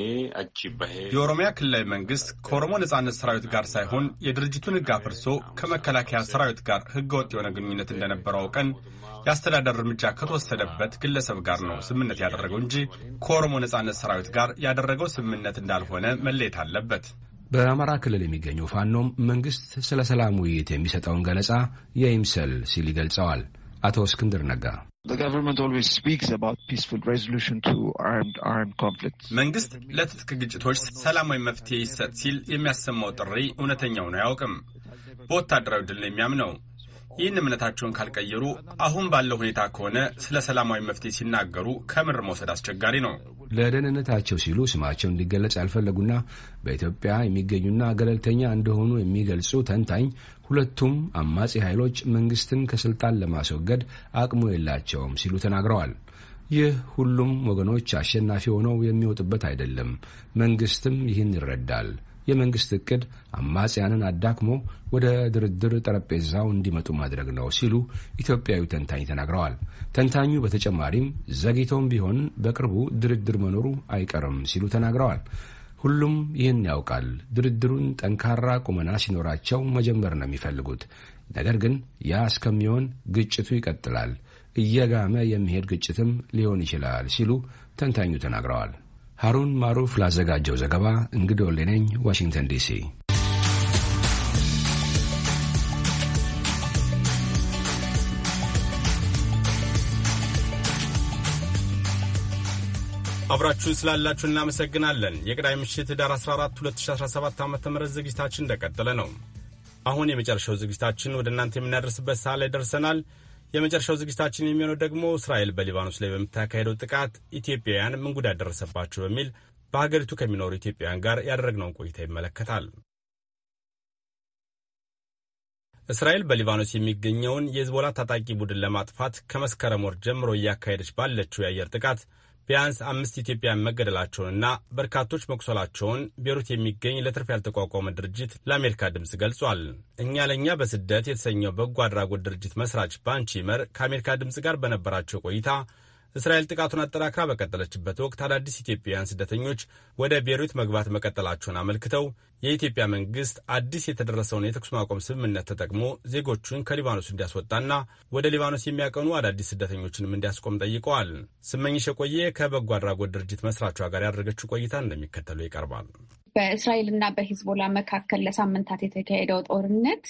achi bahee የኦሮሚያ ክልላዊ መንግስት ከኦሮሞ ነጻነት ሰራዊት ጋር ሳይሆን የድርጅቱን ህግ አፍርሶ ከመከላከያ ሰራዊት ጋር ህገወጥ የሆነ ግንኙነት እንደነበረው አውቀን የአስተዳደር እርምጃ ከተወሰደበት ግለሰብ ጋር ነው ስምምነት ያደረገው እንጂ ከኦሮሞ ነጻነት ሰራዊት ጋር ያደረገው ስምምነት እንዳልሆነ መለየት አለበት። በአማራ ክልል የሚገኘው ፋኖም መንግስት ስለ ሰላም ውይይት የሚሰጠውን ገለጻ የይምሰል ሲል ይገልጸዋል። አቶ እስክንድር ነጋ መንግስት ለትጥቅ ግጭቶች ሰላማዊ መፍትሄ ይሰጥ ሲል የሚያሰማው ጥሪ እውነተኛውን አያውቅም። በወታደራዊ ድል ነው የሚያምነው። ይህን እምነታቸውን ካልቀየሩ አሁን ባለው ሁኔታ ከሆነ ስለ ሰላማዊ መፍትሄ ሲናገሩ ከምር መውሰድ አስቸጋሪ ነው። ለደህንነታቸው ሲሉ ስማቸው እንዲገለጽ ያልፈለጉና በኢትዮጵያ የሚገኙና ገለልተኛ እንደሆኑ የሚገልጹ ተንታኝ ሁለቱም አማጺ ኃይሎች መንግስትን ከስልጣን ለማስወገድ አቅሙ የላቸውም ሲሉ ተናግረዋል። ይህ ሁሉም ወገኖች አሸናፊ ሆነው የሚወጡበት አይደለም። መንግስትም ይህን ይረዳል። የመንግሥት ዕቅድ አማጽያንን አዳክሞ ወደ ድርድር ጠረጴዛው እንዲመጡ ማድረግ ነው ሲሉ ኢትዮጵያዊ ተንታኝ ተናግረዋል። ተንታኙ በተጨማሪም ዘግይቶም ቢሆን በቅርቡ ድርድር መኖሩ አይቀርም ሲሉ ተናግረዋል። ሁሉም ይህን ያውቃል። ድርድሩን ጠንካራ ቁመና ሲኖራቸው መጀመር ነው የሚፈልጉት። ነገር ግን ያ እስከሚሆን ግጭቱ ይቀጥላል። እየጋመ የሚሄድ ግጭትም ሊሆን ይችላል ሲሉ ተንታኙ ተናግረዋል። ሀሩን ማሩፍ ላዘጋጀው ዘገባ እንግዶ ሌነኝ ዋሽንግተን ዲሲ። አብራችሁን ስላላችሁ እናመሰግናለን። የቅዳይ ምሽት ዳር 14 2017 ዓ ም ዝግጅታችን እንደቀጠለ ነው። አሁን የመጨረሻው ዝግጅታችን ወደ እናንተ የምናደርስበት ሰዓት ላይ ደርሰናል። የመጨረሻው ዝግጅታችን የሚሆነው ደግሞ እስራኤል በሊባኖስ ላይ በምታካሄደው ጥቃት ኢትዮጵያውያን ምን ጉዳት ደረሰባቸው በሚል በሀገሪቱ ከሚኖሩ ኢትዮጵያውያን ጋር ያደረግነውን ቆይታ ይመለከታል። እስራኤል በሊባኖስ የሚገኘውን የህዝቦላ ታጣቂ ቡድን ለማጥፋት ከመስከረም ወር ጀምሮ እያካሄደች ባለችው የአየር ጥቃት ቢያንስ አምስት ኢትዮጵያን መገደላቸውንና በርካቶች መቁሰላቸውን ቤሩት የሚገኝ ለትርፍ ያልተቋቋመ ድርጅት ለአሜሪካ ድምፅ ገልጿል። እኛ ለእኛ በስደት የተሰኘው በጎ አድራጎት ድርጅት መስራች ባንቺመር ከአሜሪካ ድምፅ ጋር በነበራቸው ቆይታ እስራኤል ጥቃቱን አጠናክራ በቀጠለችበት ወቅት አዳዲስ ኢትዮጵያውያን ስደተኞች ወደ ቤሩት መግባት መቀጠላቸውን አመልክተው የኢትዮጵያ መንግስት አዲስ የተደረሰውን የተኩስ ማቆም ስምምነት ተጠቅሞ ዜጎቹን ከሊባኖስ እንዲያስወጣና ወደ ሊባኖስ የሚያቀኑ አዳዲስ ስደተኞችንም እንዲያስቆም ጠይቀዋል። ስመኝሽ የቆየ ከበጎ አድራጎት ድርጅት መስራቿ ጋር ያደረገችው ቆይታ እንደሚከተሉ ይቀርባል። በእስራኤል በሂዝቦላ መካከል ለሳምንታት የተካሄደው ጦርነት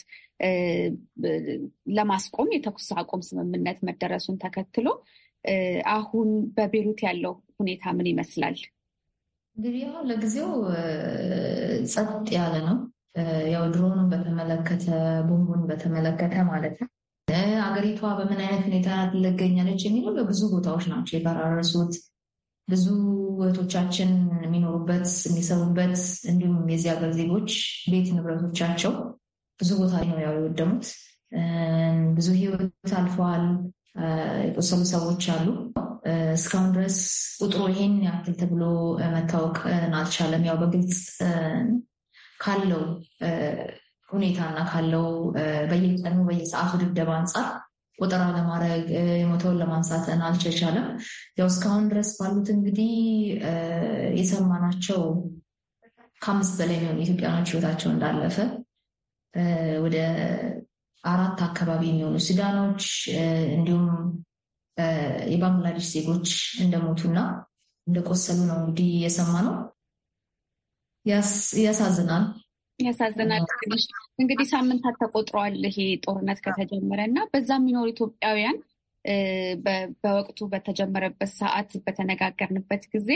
ለማስቆም የተኩስ አቆም ስምምነት መደረሱን ተከትሎ አሁን በቤሩት ያለው ሁኔታ ምን ይመስላል? እንግዲህ ያው ለጊዜው ጸጥ ያለ ነው። ያው ድሮኑን በተመለከተ ቦምቡን በተመለከተ ማለት ነው። አገሪቷ በምን አይነት ሁኔታ ትገኛለች የሚለው በብዙ ቦታዎች ናቸው የፈራረሱት። ብዙ እህቶቻችን የሚኖሩበት የሚሰሩበት፣ እንዲሁም የዚህ ሀገር ዜጎች ቤት ንብረቶቻቸው ብዙ ቦታ ነው ያው የወደሙት። ብዙ ህይወት አልፈዋል። የቆሰሉ ሰዎች አሉ። እስካሁን ድረስ ቁጥሩ ይሄን ያክል ተብሎ መታወቅ አልቻለም። ያው በግልጽ ካለው ሁኔታና ካለው በየቀኑ በየሰዓቱ ድብደባ አንጻር ቁጠራ ለማድረግ የሞተውን ለማንሳት አልተቻለም። ያው እስካሁን ድረስ ባሉት እንግዲህ የሰማናቸው ከአምስት በላይ የሚሆኑ ኢትዮጵያኖች ህይወታቸው እንዳለፈ ወደ አራት አካባቢ የሚሆኑ ሱዳኖች እንዲሁም የባንግላዴሽ ዜጎች እንደሞቱና እንደቆሰሉ ነው እንግዲህ የሰማ ነው። ያሳዝናል ያሳዝናል። እንግዲህ ሳምንታት ተቆጥረዋል ይሄ ጦርነት ከተጀመረ እና በዛ የሚኖሩ ኢትዮጵያውያን በወቅቱ በተጀመረበት ሰዓት በተነጋገርንበት ጊዜ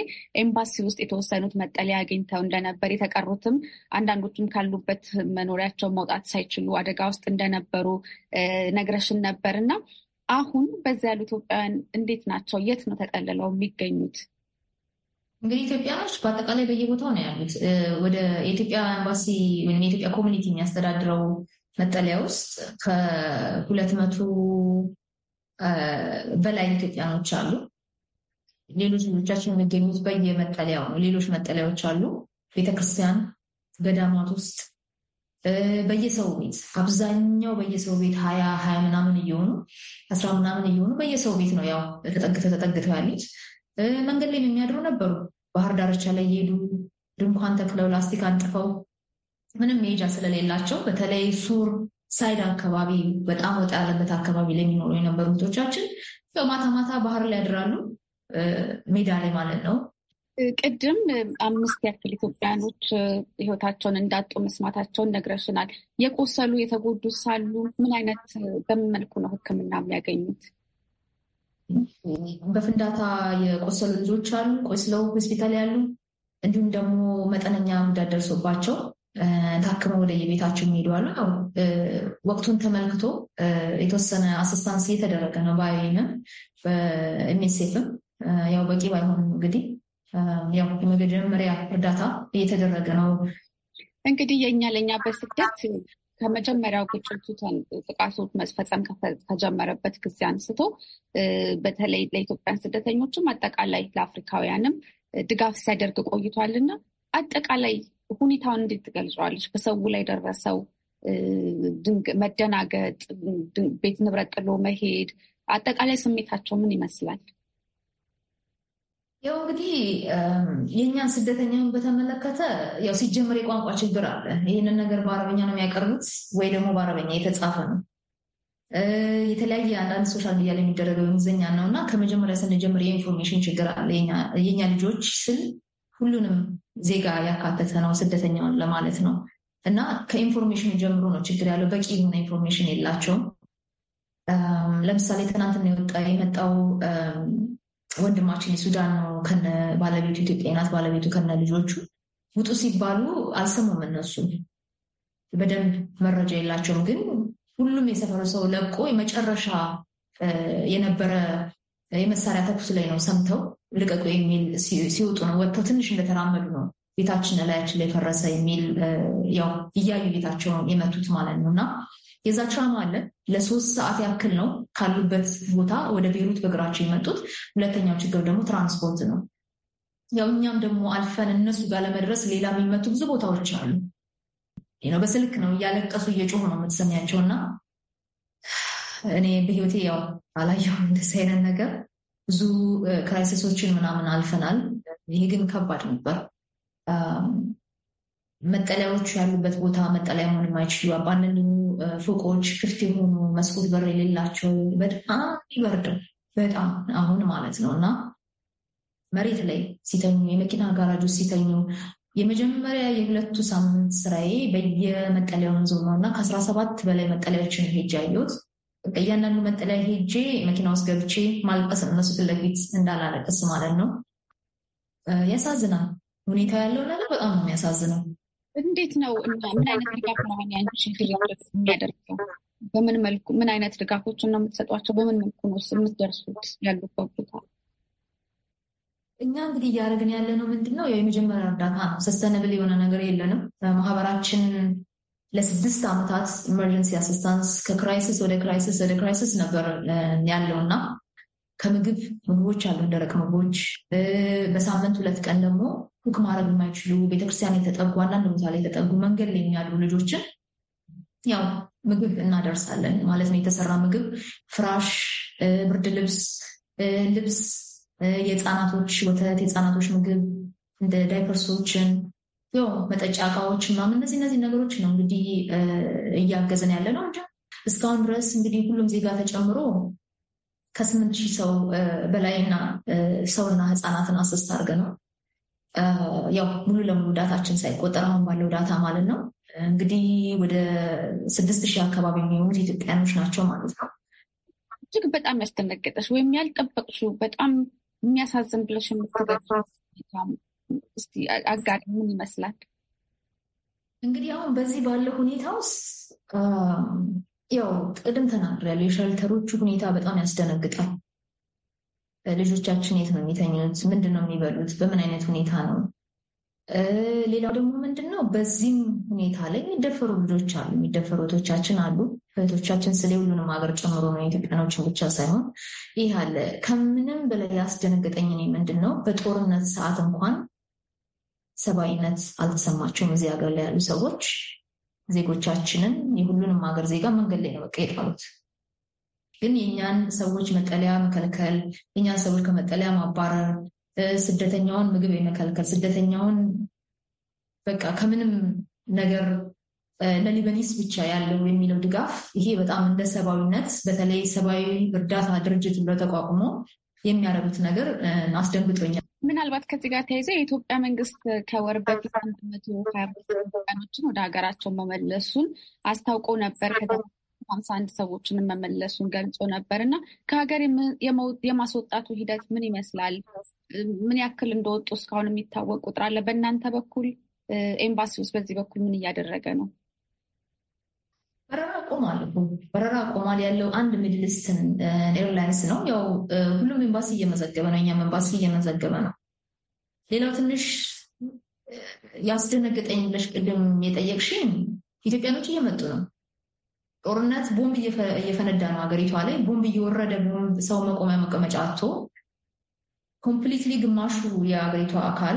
ኤምባሲ ውስጥ የተወሰኑት መጠለያ አግኝተው እንደነበር የተቀሩትም አንዳንዶቹም ካሉበት መኖሪያቸው መውጣት ሳይችሉ አደጋ ውስጥ እንደነበሩ ነግረሽን ነበር እና አሁን በዚ ያሉ ኢትዮጵያውያን እንዴት ናቸው? የት ነው ተጠልለው የሚገኙት? እንግዲህ ኢትዮጵያኖች በአጠቃላይ በየቦታው ነው ያሉት። ወደ የኢትዮጵያ ኤምባሲ ወይም የኢትዮጵያ ኮሚኒቲ የሚያስተዳድረው መጠለያ ውስጥ ከሁለት መቶ በላይ ኢትዮጵያኖች አሉ። ሌሎች ልጆቻችን የሚገኙት በየመጠለያው ነው። ሌሎች መጠለያዎች አሉ። ቤተክርስቲያን፣ ገዳማት ውስጥ በየሰው ቤት አብዛኛው በየሰው ቤት ሀያ ሀያ ምናምን እየሆኑ አስራ ምናምን እየሆኑ በየሰው ቤት ነው ያው ተጠግተው ተጠግተው ያሉት። መንገድ ላይ የሚያድሩ ነበሩ። ባህር ዳርቻ ላይ እየሄዱ ድንኳን ተክለው ላስቲክ አንጥፈው ምንም መሄጃ ስለሌላቸው በተለይ ሱር ሳይድ አካባቢ በጣም ወጣ ያለበት አካባቢ ላይ የሚኖሩ የነበሩ እህቶቻችን በማታ ማታ ባህር ላይ ያድራሉ፣ ሜዳ ላይ ማለት ነው። ቅድም አምስት ያክል ኢትዮጵያኖች ህይወታቸውን እንዳጡ መስማታቸውን ነግረሽናል። የቆሰሉ የተጎዱ ሳሉ ምን አይነት በምን መልኩ ነው ህክምና የሚያገኙት? በፍንዳታ የቆሰሉ ልጆች አሉ፣ ቆስለው ሆስፒታል ያሉ፣ እንዲሁም ደግሞ መጠነኛ ጉዳት ደርሶባቸው ታክመው ወደ የቤታቸው የሚሄዱ አሉ። ወቅቱን ተመልክቶ የተወሰነ አሰስታንስ እየተደረገ ነው። በአይንም በኤምኤስኤፍም ያው በቂ ባይሆንም እንግዲህ ያው የመጀመሪያ እርዳታ እየተደረገ ነው። እንግዲህ የእኛ ለእኛ በስደት ከመጀመሪያው ግጭቱ ጥቃቶች መስፈጸም ከጀመረበት ጊዜ አንስቶ በተለይ ለኢትዮጵያን ስደተኞችም አጠቃላይ ለአፍሪካውያንም ድጋፍ ሲያደርግ ቆይቷልና አጠቃላይ ሁኔታውን እንዴት ትገልጸዋለች? በሰው ላይ ደረሰው መደናገጥ፣ ቤት ንብረት ጥሎ መሄድ፣ አጠቃላይ ስሜታቸው ምን ይመስላል? ያው እንግዲህ የእኛን ስደተኛን በተመለከተ ያው ሲጀምር የቋንቋ ችግር አለ። ይህንን ነገር በአረበኛ ነው የሚያቀርቡት ወይ ደግሞ በአረበኛ የተጻፈ ነው። የተለያየ አንዳንድ ሶሻል ሚዲያ ላይ የሚደረገው እንግሊዝኛ ነው እና ከመጀመሪያ ስንጀምር የኢንፎርሜሽን ችግር አለ። የእኛ ልጆች ስል ሁሉንም ዜጋ ያካተተ ነው ስደተኛውን ለማለት ነው። እና ከኢንፎርሜሽን ጀምሮ ነው ችግር ያለው። በቂ የሆነ ኢንፎርሜሽን የላቸውም። ለምሳሌ ትናንትና የወጣ የመጣው ወንድማችን የሱዳን ነው ከነ ባለቤቱ ኢትዮጵያ ናት ባለቤቱ ከነ ልጆቹ ውጡ ሲባሉ አልሰሙም። እነሱ በደንብ መረጃ የላቸውም። ግን ሁሉም የሰፈረ ሰው ለቆ የመጨረሻ የነበረ የመሳሪያ ተኩስ ላይ ነው ሰምተው ልቀቁ የሚል ሲወጡ ነው። ወጥተው ትንሽ እንደተራመዱ ነው ቤታችን ላያችን ላይ ፈረሰ የሚል ያው እያዩ ቤታቸው ነው የመቱት ማለት ነው። እና የዛ ትራማ አለ። ለሶስት ሰዓት ያክል ነው ካሉበት ቦታ ወደ ቤሩት በእግራቸው የመጡት። ሁለተኛው ችግር ደግሞ ትራንስፖርት ነው። ያው እኛም ደግሞ አልፈን እነሱ ጋር ለመድረስ ሌላ የሚመቱ ብዙ ቦታዎች አሉ። ነው በስልክ ነው እያለቀሱ እየጮሁ ነው የምትሰሚያቸው። እና እኔ በህይወቴ ያው አላየሁ እንደዚህ አይነት ነገር ብዙ ክራይሲሶችን ምናምን አልፈናል። ይሄ ግን ከባድ ነበር። መጠለያዎቹ ያሉበት ቦታ መጠለያ መሆን የማይችሉ አባንኑ ፎቆች፣ ክፍት የሆኑ መስኮት በር የሌላቸው በጣም ይበርዳል። በጣም አሁን ማለት ነው እና መሬት ላይ ሲተኙ የመኪና ጋራጆች ሲተኙ የመጀመሪያ የሁለቱ ሳምንት ስራዬ በየመጠለያውን ዞር ነው እና ከአስራ ሰባት በላይ መጠለያዎችን ሄጄ አየሁት። እያንዳንዱ መጠለያ ሄጄ መኪና ውስጥ ገብቼ ማልቀስ እነሱ ፊት ለፊት እንዳላለቅስ ማለት ነው። ያሳዝናል። ሁኔታ ያለው ነገር በጣም ነው የሚያሳዝነው። እንዴት ነው እና ምን አይነት ድጋፍ ነው አሁን ያንቺ ድርጅት የሚያደርገው? በምን መልኩ ምን አይነት ድጋፎችን ነው የምትሰጧቸው? በምን መልኩ ነው የምትደርሱት ያሉበት ቦታ? እኛ እንግዲህ እያደረግን ያለ ነው ምንድን ነው የመጀመሪያ እርዳታ ነው። ሰስተንብል የሆነ ነገር የለንም። ማህበራችን ለስድስት ዓመታት ኢመርጀንሲ አሲስታንስ ከክራይሲስ ወደ ክራይሲስ ወደ ክራይሲስ ነበር ያለው እና ከምግብ ምግቦች አሉ፣ ደረቅ ምግቦች በሳምንት ሁለት ቀን ደግሞ ሁክ ማድረግ የማይችሉ ቤተክርስቲያን የተጠጉ አንዳንድ ቦታ ላይ የተጠጉ መንገድ ላይ የሚያሉ ልጆችን ያው ምግብ እናደርሳለን ማለት ነው። የተሰራ ምግብ፣ ፍራሽ፣ ብርድ ልብስ፣ ልብስ፣ የህፃናቶች ወተት፣ የህፃናቶች ምግብ እንደ ዳይፐርሶችን መጠጫ እቃዎች ምናምን እነዚህ እነዚህ ነገሮች ነው እንግዲህ እያገዘን ያለ ነው እንጂ እስካሁን ድረስ እንግዲህ ሁሉም ዜጋ ተጨምሮ ከስምንት ሺህ ሰው በላይና ሰውና ህፃናትን አስስት አድርገ ነው ያው ሙሉ ለሙሉ ዳታችን ሳይቆጠር አሁን ባለው ዳታ ማለት ነው እንግዲህ ወደ ስድስት ሺህ አካባቢ የሚሆኑት ኢትዮጵያኖች ናቸው ማለት ነው። እጅግ በጣም ያስደነገጠች ወይም ያልጠበቅሽው በጣም የሚያሳዝን ብለሽ የምትገ እስቲ ምን ይመስላል? እንግዲህ አሁን በዚህ ባለው ሁኔታ ውስጥ ያው ቅድም ተናግሬያለሁ። የሸልተሮቹ ሁኔታ በጣም ያስደነግጣል። ልጆቻችን የት ነው የሚተኙት? ምንድን ነው የሚበሉት? በምን አይነት ሁኔታ ነው? ሌላው ደግሞ ምንድን ነው በዚህም ሁኔታ ላይ የሚደፈሩ ልጆች አሉ፣ የሚደፈሩ እህቶቻችን አሉ። እህቶቻችን ስለ ሁሉንም ሀገር ጨምሮ ነው የኢትዮጵያኖችን ብቻ ሳይሆን ይህ አለ። ከምንም በላይ ያስደነገጠኝ እኔ ምንድን ነው በጦርነት ሰዓት እንኳን ሰብአዊነት አልተሰማቸውም። እዚህ ሀገር ላይ ያሉ ሰዎች ዜጎቻችንን የሁሉንም ሀገር ዜጋ መንገድ ላይ ነው በቃ የጣሉት። ግን የእኛን ሰዎች መጠለያ መከልከል፣ የእኛን ሰዎች ከመጠለያ ማባረር፣ ስደተኛውን ምግብ የመከልከል ስደተኛውን በቃ ከምንም ነገር ለሊበኒስ ብቻ ያለው የሚለው ድጋፍ ይሄ በጣም እንደ ሰብአዊነት በተለይ ሰብአዊ እርዳታ ድርጅት ብለው ተቋቁሞ የሚያደርጉት ነገር አስደንግጦኛል። ምናልባት ከዚህ ጋር ተያይዘ የኢትዮጵያ መንግስት ከወር በፊት አንድ መቶ ሀያ ኢትዮጵያኖችን ወደ ሀገራቸው መመለሱን አስታውቆ ነበር። ሀምሳ አንድ ሰዎችንም መመለሱን ገልጾ ነበር እና ከሀገር የማስወጣቱ ሂደት ምን ይመስላል? ምን ያክል እንደወጡ እስካሁን የሚታወቅ ቁጥር አለ? በእናንተ በኩል ኤምባሲ ውስጥ በዚህ በኩል ምን እያደረገ ነው? በረራ ቆሟል በረራ ቆሟል ያለው አንድ ሚድል ኤርላይንስ uh, ነው። ያው uh, ሁሉም ኤምባሲ እየመዘገበ ነው፣ እኛም ኤምባሲ እየመዘገበ ነው። ሌላው ትንሽ uh, ያስደነገጠኝ ብለሽ ቅድም የጠየቅሽኝ ኢትዮጵያኖች እየመጡ ነው። ጦርነት ቦምብ እየፈነዳ ነው ሀገሪቷ ላይ ቦምብ እየወረደ ሰው መቆሚያ መቀመጫ አቶ ኮምፕሊትሊ ግማሹ የሀገሪቷ አካል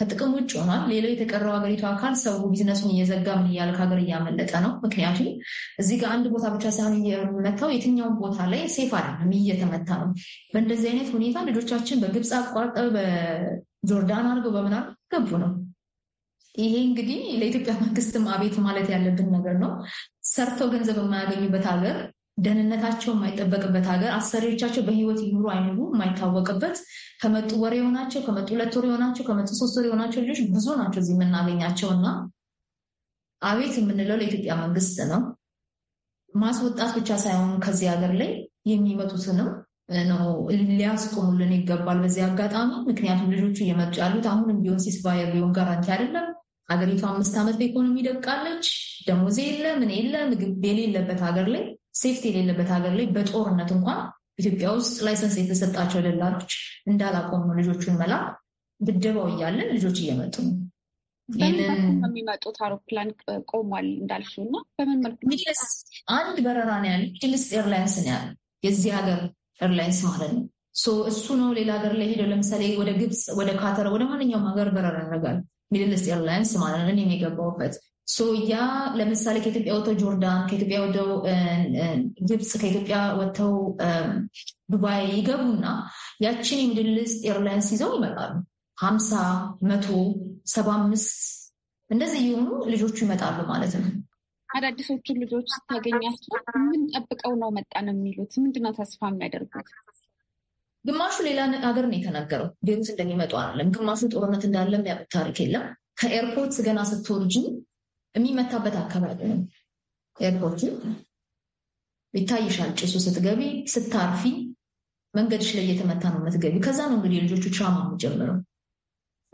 ከጥቅም ውጭ ሆኗል። ሌላው የተቀረው ሀገሪቱ አካል ሰው ቢዝነሱን እየዘጋ ምን እያለ ከሀገር እያመለጠ ነው። ምክንያቱም እዚህ ጋር አንድ ቦታ ብቻ ሳይሆን እየመታው የትኛውም ቦታ ላይ ሴፍ አይደለም፣ እየተመታ ነው። በእንደዚህ አይነት ሁኔታ ልጆቻችን በግብፅ አቋርጠው በጆርዳን አድርገው በምና ገቡ ነው። ይሄ እንግዲህ ለኢትዮጵያ መንግስትም አቤት ማለት ያለብን ነገር ነው። ሰርተው ገንዘብ የማያገኙበት ሀገር ደህንነታቸው የማይጠበቅበት ሀገር አሰሪዎቻቸው በህይወት ይኑሩ አይኑሩ የማይታወቅበት ከመጡ ወር የሆናቸው ከመጡ ሁለት ወር የሆናቸው ከመጡ ሶስት ወር የሆናቸው ልጆች ብዙ ናቸው እዚህ የምናገኛቸው እና አቤት የምንለው ለኢትዮጵያ መንግስት ነው። ማስወጣት ብቻ ሳይሆን ከዚህ ሀገር ላይ የሚመጡትንም ነው ሊያስቆሙልን ይገባል በዚህ አጋጣሚ። ምክንያቱም ልጆቹ እየመጡ ያሉት አሁንም ቢሆን ሲስባየር ቢሆን ጋራንቲ አይደለም። ሀገሪቱ አምስት ዓመት በኢኮኖሚ ደቃለች። ደሞዝ የለ ምን የለ ምግብ የሌለበት ሀገር ላይ ሴፍቲ የሌለበት ሀገር ላይ በጦርነት እንኳን ኢትዮጵያ ውስጥ ላይሰንስ የተሰጣቸው ደላሎች እንዳላቆሙ ልጆቹን መላ ብደባው እያለን ልጆች እየመጡ ነው የሚመጡት። አውሮፕላን ቆሟል እንዳልሽው እና በምን መልኩ አንድ በረራ ነው ያለ ጅልስ ኤርላይንስ ነው ያለ የዚህ ሀገር ኤርላይንስ ማለት ነው። ሶ እሱ ነው ሌላ ሀገር ላይ ሄደው ለምሳሌ ወደ ግብፅ፣ ወደ ካተር፣ ወደ ማንኛውም ሀገር በረራ ያደርጋል ሚድልስ ኤርላይንስ ማለት ነው። እኔም የገባሁበት ያ ለምሳሌ ከኢትዮጵያ ወጥተው ጆርዳን፣ ከኢትዮጵያ ወደው ግብፅ፣ ከኢትዮጵያ ወጥተው ዱባይ ይገቡና ያችን የሚድልስ ኤርላይንስ ይዘው ይመጣሉ። ሀምሳ መቶ ሰባ አምስት እንደዚህ የሆኑ ልጆቹ ይመጣሉ ማለት ነው። አዳዲሶቹን ልጆች ስታገኛቸው ምን ጠብቀው ነው ነው የሚሉት? ምንድነው ተስፋ የሚያደርጉት? ግማሹ ሌላ ሀገር ነው የተናገረው፣ ቤሩት እንደሚመጡ አይደለም። ግማሹ ጦርነት እንዳለም ያበት ታሪክ የለም። ከኤርፖርት ገና ስትወርጂ የሚመታበት አካባቢ ነው። ኤርፖርቱ ይታይሻል። ጭሱ ስትገቢ፣ ስታርፊ መንገድሽ ላይ እየተመታ ነው የምትገቢው። ከዛ ነው እንግዲህ ልጆቹ ትራማ የሚጀምረው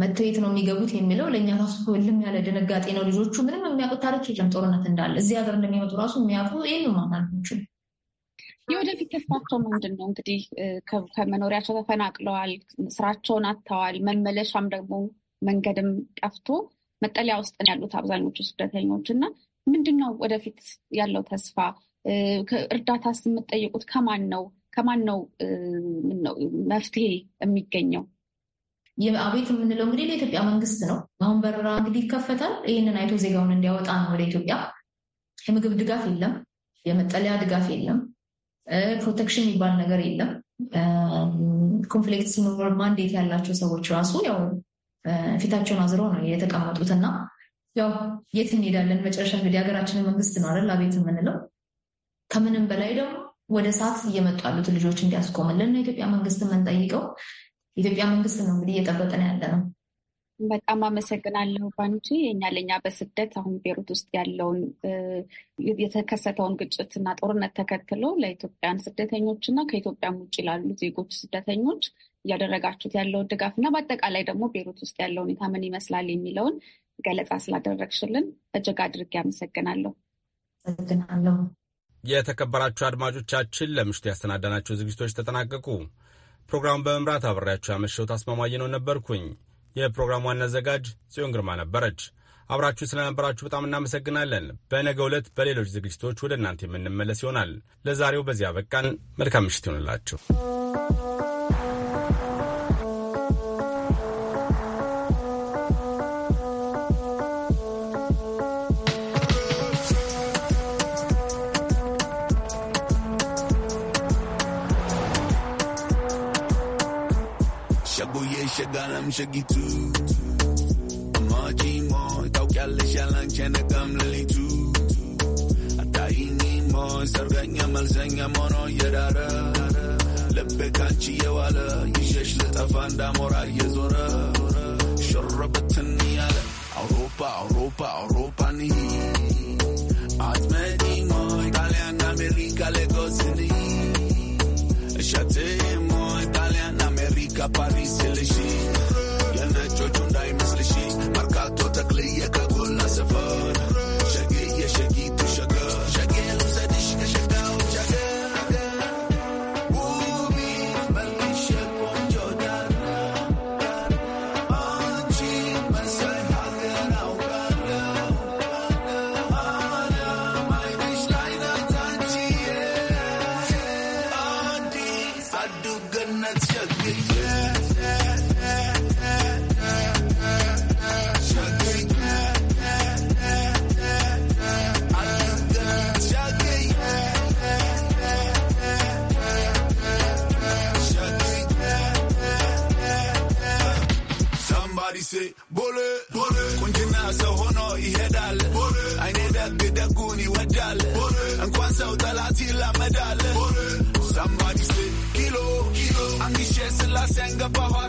መተየት ነው የሚገቡት የሚለው ለእኛ ራሱ ልም ያለ ድንጋጤ ነው። ልጆቹ ምንም የሚያውቁት ታሪክ የለም ጦርነት እንዳለ እዚህ ሀገር እንደሚመጡ ራሱ የሚያውቁ ይህ ማማል የወደፊት ተስፋቸው ምንድን ነው? እንግዲህ ከመኖሪያቸው ተፈናቅለዋል፣ ስራቸውን አጥተዋል። መመለሻም ደግሞ መንገድም ጠፍቶ መጠለያ ውስጥ ያሉት አብዛኞቹ ስደተኞች እና ምንድን ነው ወደፊት ያለው ተስፋ? እርዳታስ የምጠይቁት ከማን ነው? ከማን ነው መፍትሄ የሚገኘው? አቤት የምንለው እንግዲህ ለኢትዮጵያ መንግስት ነው። አሁን በረራ እንግዲህ ይከፈታል። ይህንን አይቶ ዜጋውን እንዲያወጣ ነው ወደ ኢትዮጵያ። የምግብ ድጋፍ የለም፣ የመጠለያ ድጋፍ የለም፣ ፕሮቴክሽን የሚባል ነገር የለም። ኮንፍሊክት ሲኖር ማንዴት ያላቸው ሰዎች ራሱ ያው ፊታቸውን አዝሮ ነው እና ያው የት እንሄዳለን? መጨረሻ እንግዲህ ሀገራችንን መንግስት ነው አይደል አቤት የምንለው። ከምንም በላይ ደግሞ ወደ ሰዓት እየመጡ ያሉት ልጆች እንዲያስቆምልን ኢትዮጵያ መንግስት የምንጠይቀው ኢትዮጵያ መንግስት ነው እንግዲህ እየጠበቅን ያለ ነው። በጣም አመሰግናለሁ ባንቺ። የኛ ለኛ በስደት አሁን ቤሩት ውስጥ ያለውን የተከሰተውን ግጭትና ጦርነት ተከትሎ ለኢትዮጵያን ስደተኞች እና ከኢትዮጵያም ውጭ ላሉ ዜጎች ስደተኞች እያደረጋችሁት ያለውን ድጋፍ እና በአጠቃላይ ደግሞ ቤሩት ውስጥ ያለው ሁኔታ ምን ይመስላል የሚለውን ገለጻ ስላደረግሽልን እጅግ አድርጌ አመሰግናለሁ። አመሰግናለሁ። የተከበራችሁ አድማጮቻችን ለምሽቱ ያሰናዳናቸው ዝግጅቶች ተጠናቀቁ። ፕሮግራሙን በመምራት አብሬያችሁ ያመሸው ታስማማኝ ነው ነበርኩኝ። የፕሮግራሙ ዋና አዘጋጅ ጽዮን ግርማ ነበረች። አብራችሁ ስለነበራችሁ በጣም እናመሰግናለን። በነገ ዕለት በሌሎች ዝግጅቶች ወደ እናንተ የምንመለስ ይሆናል። ለዛሬው በዚያ በቃን። መልካም ምሽት ይሆንላችሁ። shaggy too. Maji mo, mo, mono yadara. kanchi yawala, yishesh le mora yezora. Europa, Europa, Europa ni. Atmedi mo, Italian, America, Lagos Shate mo, Italian, America, Paris, Elysee. Jenga Bahar.